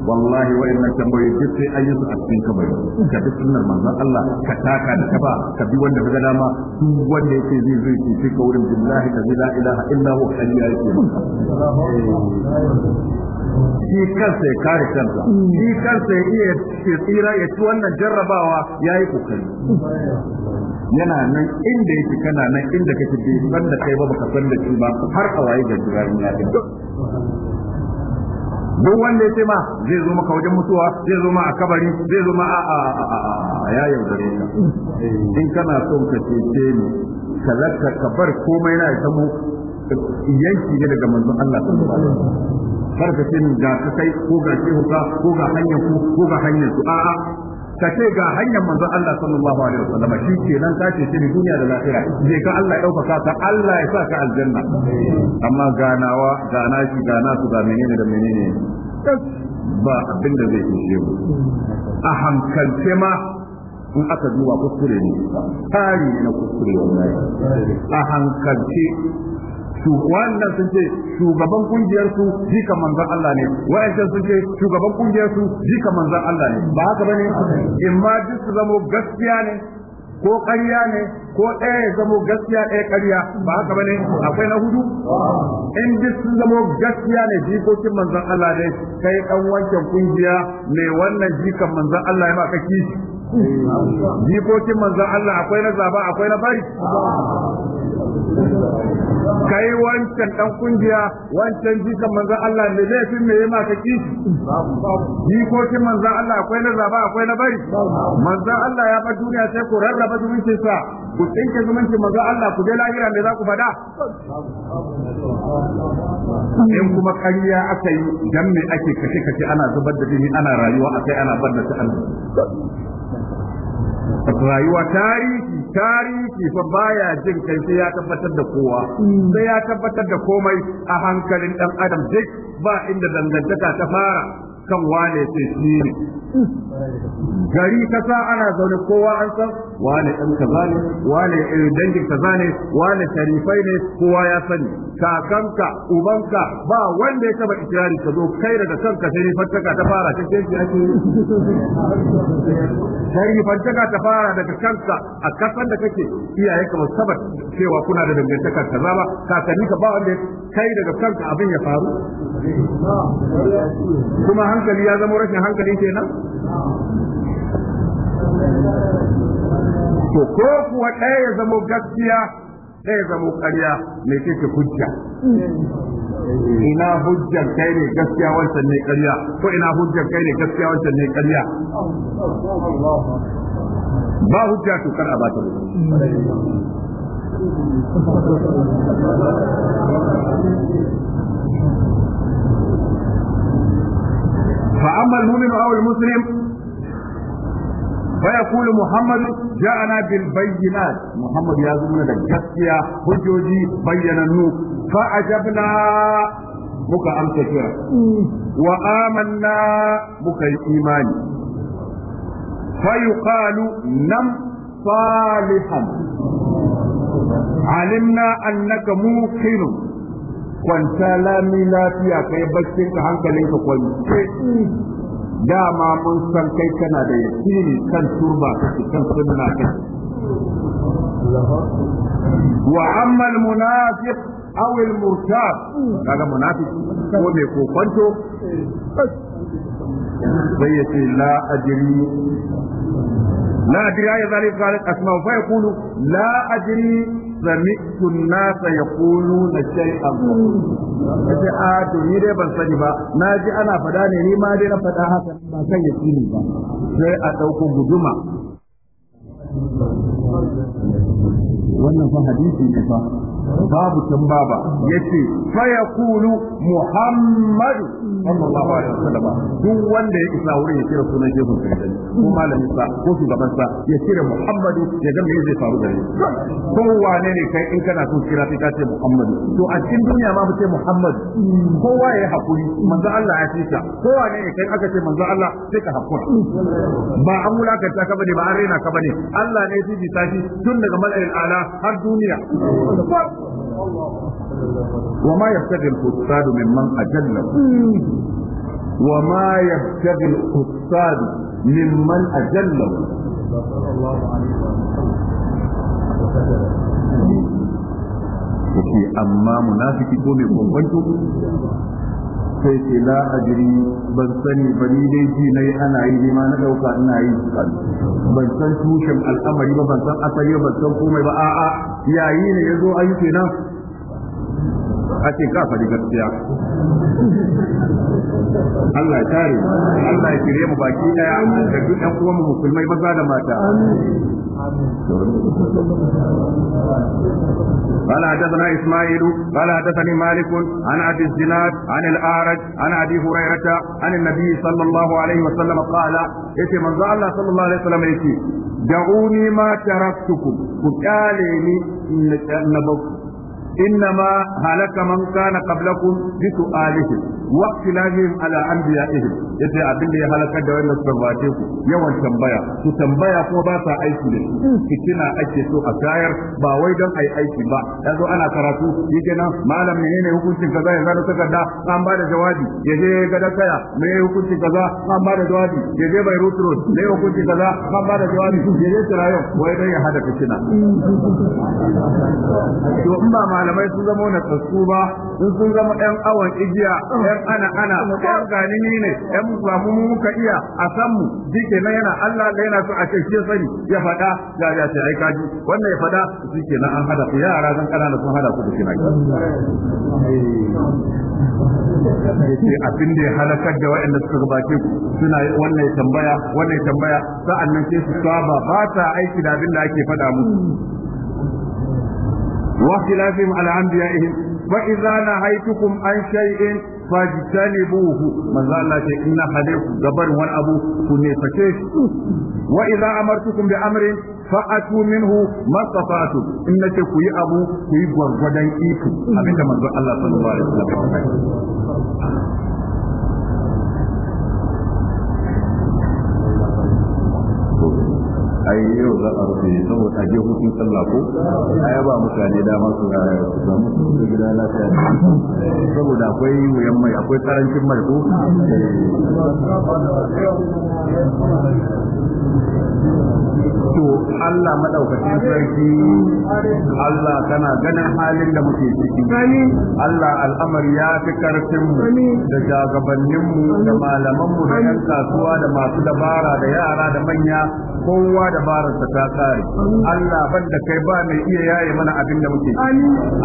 wallahi wa inna tambayi duk sai ayyuka a cikin kabari ka duk sunan manzon Allah ka taka da kaba ka bi wanda kaga dama duk wanda yake zai zai ci sai kaurin billahi da la ilaha illa hu hayya yake shi kansa ya kare kansa shi kansa ya iya tsira ya ci wannan jarrabawa ya yi kokari yana nan inda yake kana nan inda kake bi san da kai ba baka san da shi ba har a waye da jirarin lafiya duk wanda ya ce ma zai zo maka wajen mutuwa zai zo ma a kabari zai zo ma a a ya yaudare ka in kana son ka cece ni ka zaka ka bar komai na ya samu yanki ne daga manzon Allah sallallahu alaihi wasallam kar ka ce ga ka kai ko ga shehu ka ko ga hanyar ku ko ga hanyar su a'a ka ce ga hanyar manzon Allah sallallahu alaihi wasallam shi nan ka ce shi duniya da lafiya je ka Allah ya dauka ka Allah ya sa ka aljanna amma ganawa gana shi gana su ga menene da menene ba abin da zai ishe mu a hankalce ma in aka duba kuskure ne tari ne na kuskure wallahi a hankalce wannan sun ce shugaban kungiyar su jika zan Allah ne wa'ancan sun ce shugaban kungiyar su jika zan Allah ne ba haka bane imma duk su zamo gaskiya ne ko ƙarya ne ko ɗaya ya zamo gaskiya ɗaya ƙarya ba haka bane ne akwai na hudu in duk sun zamo gaskiya ne jikokin manzan Allah ne kai ɗan wancan kungiya mai wannan jikan manzan Allah ya maka kishi jikokin manzan Allah akwai na zaba akwai na bari kai wancan dan kungiya wancan jikan manzon Allah ne laifin me yayi maka kishi jikokin manzon Allah akwai na zaba akwai na bari manzon Allah ya bar duniya sai ku rarraba zumuncin sa ku tsinke zumuncin manzon Allah ku je lahira me za ku fada in kuma karya aka yi dan me ake kashe kashe ana zubar da jini ana rayuwa akai ana bar da rayuwa tarihi tarihi fa baya jin kai sai ya tabbatar da kowa sai ya tabbatar da komai a hankalin dan adam duk ba inda dangantaka ta fara kan wane ce shi ne gari kasa ana zaune kowa an san wane ɗan kaza ne wane eh, dangin kaza ne wane sharifai ne kowa ya sani kakanka ubanka ba wanda ya taba ikirari ka zo kai daga kanka sharifantaka ta fara ta ce shi ake sharifantaka ta fara daga kanka a kasan da kake iyaye ka musabar cewa kuna da dangantaka kaza ba kakanni ka ba wanda kai daga kanka abin ya faru kuma hankali ya zama rashin hankali nan? to ko kuwa ɗaya ya zama gaskiya ɗaya ya zama ƙarya mai kake hujja ina hujjar kai ne gaskiya wancan ne ƙarya ko ina hujjar kai ne gaskiya wancan ne ƙarya ba hujja to kar a bata فأما المؤمن أو المسلم فيقول محمد جاءنا بالبينات محمد يا زمنا يا حجوجي بينا النور فأجبنا مك أمس وآمنا بك الإيمان فيقال نم صالحا علمنا أنك موقن kwanta lami lafiya kai baccin ka hankalin ka kwance dama mun san kai kana da yakini kan turba kake kan sunna kake wa amma almunafiq aw almurtab kaga munafiki ko me ko kwanto sai ya ce la ajri la adri ya zalika qalat asma fa yaqulu la ajri sami'tu an-nasa yaquluna shay'an a to ni dai ban sani ba na ji ana fada ne ni ma dai na fada haka ba kan yakini ba sai a dauko guduma wannan fa hadisi ne fa babu tambaba yace fa yaqulu muhammad sallallahu alaihi wasallam duk wanda ya isa wurin ya kira sunan Yesu Kirista ko malamin sa ko shugaban sa ya kira muhammadu ya ga me zai faru gare ko wane ne kai in kana son kira sai ka ce muhammadu to a cikin duniya ma ce muhammadu kowa ya hakuri manzo Allah ya tsika kowa ne kai aka ce manzo Allah sai ka hakura ba an wulakanta ka bane ba an rena ka bane Allah ne ya tsiki tashi tun daga mala'il ala har duniya وما يبتغي الفساد ممن أجل وما يبتغي الفساد ممن أجله yake amma munafiki ko mai bambanto sai ce la ajri ban sani ba ni dai ji na yi ana yi ne ma na ɗauka ina yi ban san tushen al'amari ba ban san asali ba ban san komai ba a'a yayi ne zo a yi kenan a ce ka faɗi gaskiya Allah ya tare Allah ya kire mu baki daya da duk ɗan uwan mu musulmai maza da mata قال حدثنا اسماعيل قال حدثني مالك عن ابي الزناد عن الاعرج عن ابي هريره عن النبي صلى الله عليه وسلم قال يتي من الله صلى الله عليه وسلم يتي دعوني ما تركتكم فقالني نبوكم انما هلك من كان قبلكم بسؤالهم waqtilahum ala anbiya'ihim yace abin da ya halaka da wannan sabbace ku yawan tambaya Su tambaya kuma ba sa aiki da shi ake so a sayar ba wai don a yi aiki ba yazo ana karatu shikenan malam menene hukuncin kaza ya zaro takarda an ba da jawabi yaje gada kaya me hukuncin kaza an ba jawabi yaje bai ruturo me hukuncin kaza an ba da jawabi yaje tirayon wai dai ya hada kina to in ba malamai sun zama na tsatsu ba sun zama ɗan awon igiya ɗan ana ana yan gani ni ne yan mu muka iya a san mu dike na yana Allah da yana so a kai shi sani ya fada ya ya ce ai kaji wannan ya fada dike na an hada ku yara zan kanana sun hada ku da kina ce abin da ya halakar da waɗanda suka gabace ku suna wannan tambaya wannan tambaya sa'annan sai su saba ba ta aiki da abin da ake faɗa musu واختلافهم anbiya'ihim wa idza نهيتكم an shay'in fajtanibuhu manzo Allah ce inna ku gabar wani abu ku ne sake shi wa idza amartukum bi amrin fa'atu minhu mastafatu in ce ku yi abu ku yi gwargwadon iko abinda manzo Allah sallallahu ai yau za a rufe saboda aje hutun sallah ko ai ba mutane dama su ga samu su gida lafiya saboda akwai wuyan mai akwai karancin mai ko to Allah madaukakin sarki Allah kana ganin halin da muke ciki Allah al'amari ya fi karfin mu da jagabannin mu da malaman mu da yan kasuwa da masu dabara da yara da manya kowa dabararsa ta kare Allah ban da kai ba mai iya yaye mana abin da muke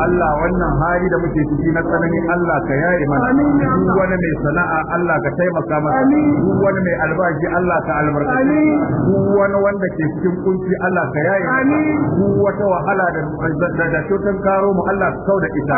Allah wannan hali da muke ciki na tsanani Allah ka yaye mana duk wani mai sana'a Allah ka taimaka masa duk wani mai albashi Allah ka albarkace duk wani wanda ke cikin kunci Allah ka yaye mana duk wata wahala da da cutan karo mu Allah ka kauda ita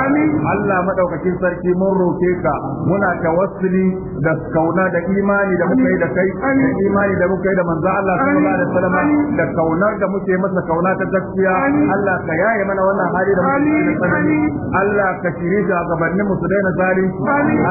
Allah madaukakin sarki mun roke ka muna tawassuli da kauna da imani da muka yi da kai da imani da muka yi da manzo Allah sallallahu alaihi wasallam da kaunar da muke masa kauna ta gaskiya Allah ka yaye mana wannan hali da muke tsanani Allah ka shiri gabanin mu su daina zalunci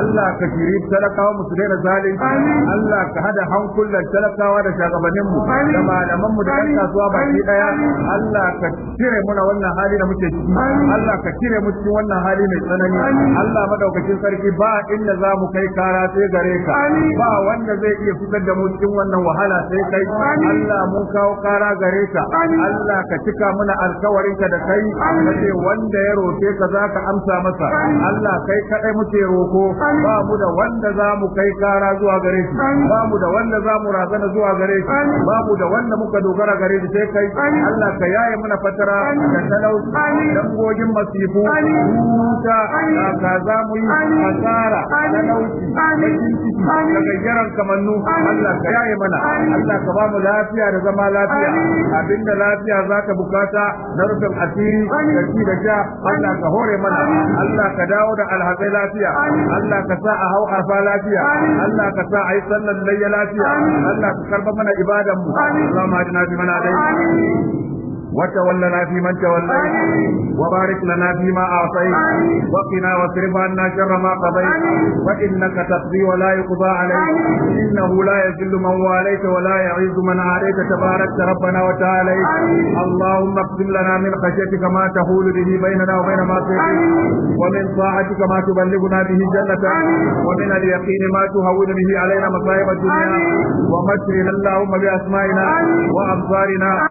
Allah ka shiri talakawa mu su daina zalunci Allah ka hada hankulan talakawa da shagabannin mu da malaman mu da ɗan kasuwa baki daya Allah ka cire mana wannan hali da muke ciki Allah ka cire mu cikin wannan hali mai tsanani Allah madaukakin sarki ba inda za mu kai kara sai gare ka ba wanda zai iya fitar da mu cikin wannan wahala sai kai Allah mun kawo makara gare ta Allah ka cika mana alkawarinka da kai kace wanda ya roke ka za ka amsa masa Allah kai kadai muke roko ba mu da wanda za mu kai kara zuwa gare shi ba mu da wanda za mu razana zuwa gare shi ba mu da wanda muka dogara gare shi sai kai Allah ka yaye mana fatara da talauci gogin masifu ta ka za mu yi asara talauci bakin ciki kamannu Allah ka yaye mana Allah ka ba mu lafiya da zama lafiya lafiya abinda lafiya zaka bukata na rufin asiri da ci da sha Allah ka hore mana Allah ka dawo da alhazai lafiya Allah ka sa a hau arfa lafiya Allah ka sa a yi sannan layya lafiya Allah ka karba mana ibadan mu Allah ma mana dai وتولنا فيمن توليت وبارك لنا فيما أعطيت وقنا واصرف عنا شر ما قضيت فإنك تقضي ولا يقضى عليك إنه لا يذل من واليت ولا يعز من عاديت تبارك ربنا وتعاليت اللهم اقسم لنا من خشيتك ما تحول به بيننا وبين ما ومن طاعتك ما تبلغنا به جنتك ومن اليقين ما تهون به علينا مصائب الدنيا ومتعنا اللهم بأسمائنا وأبصارنا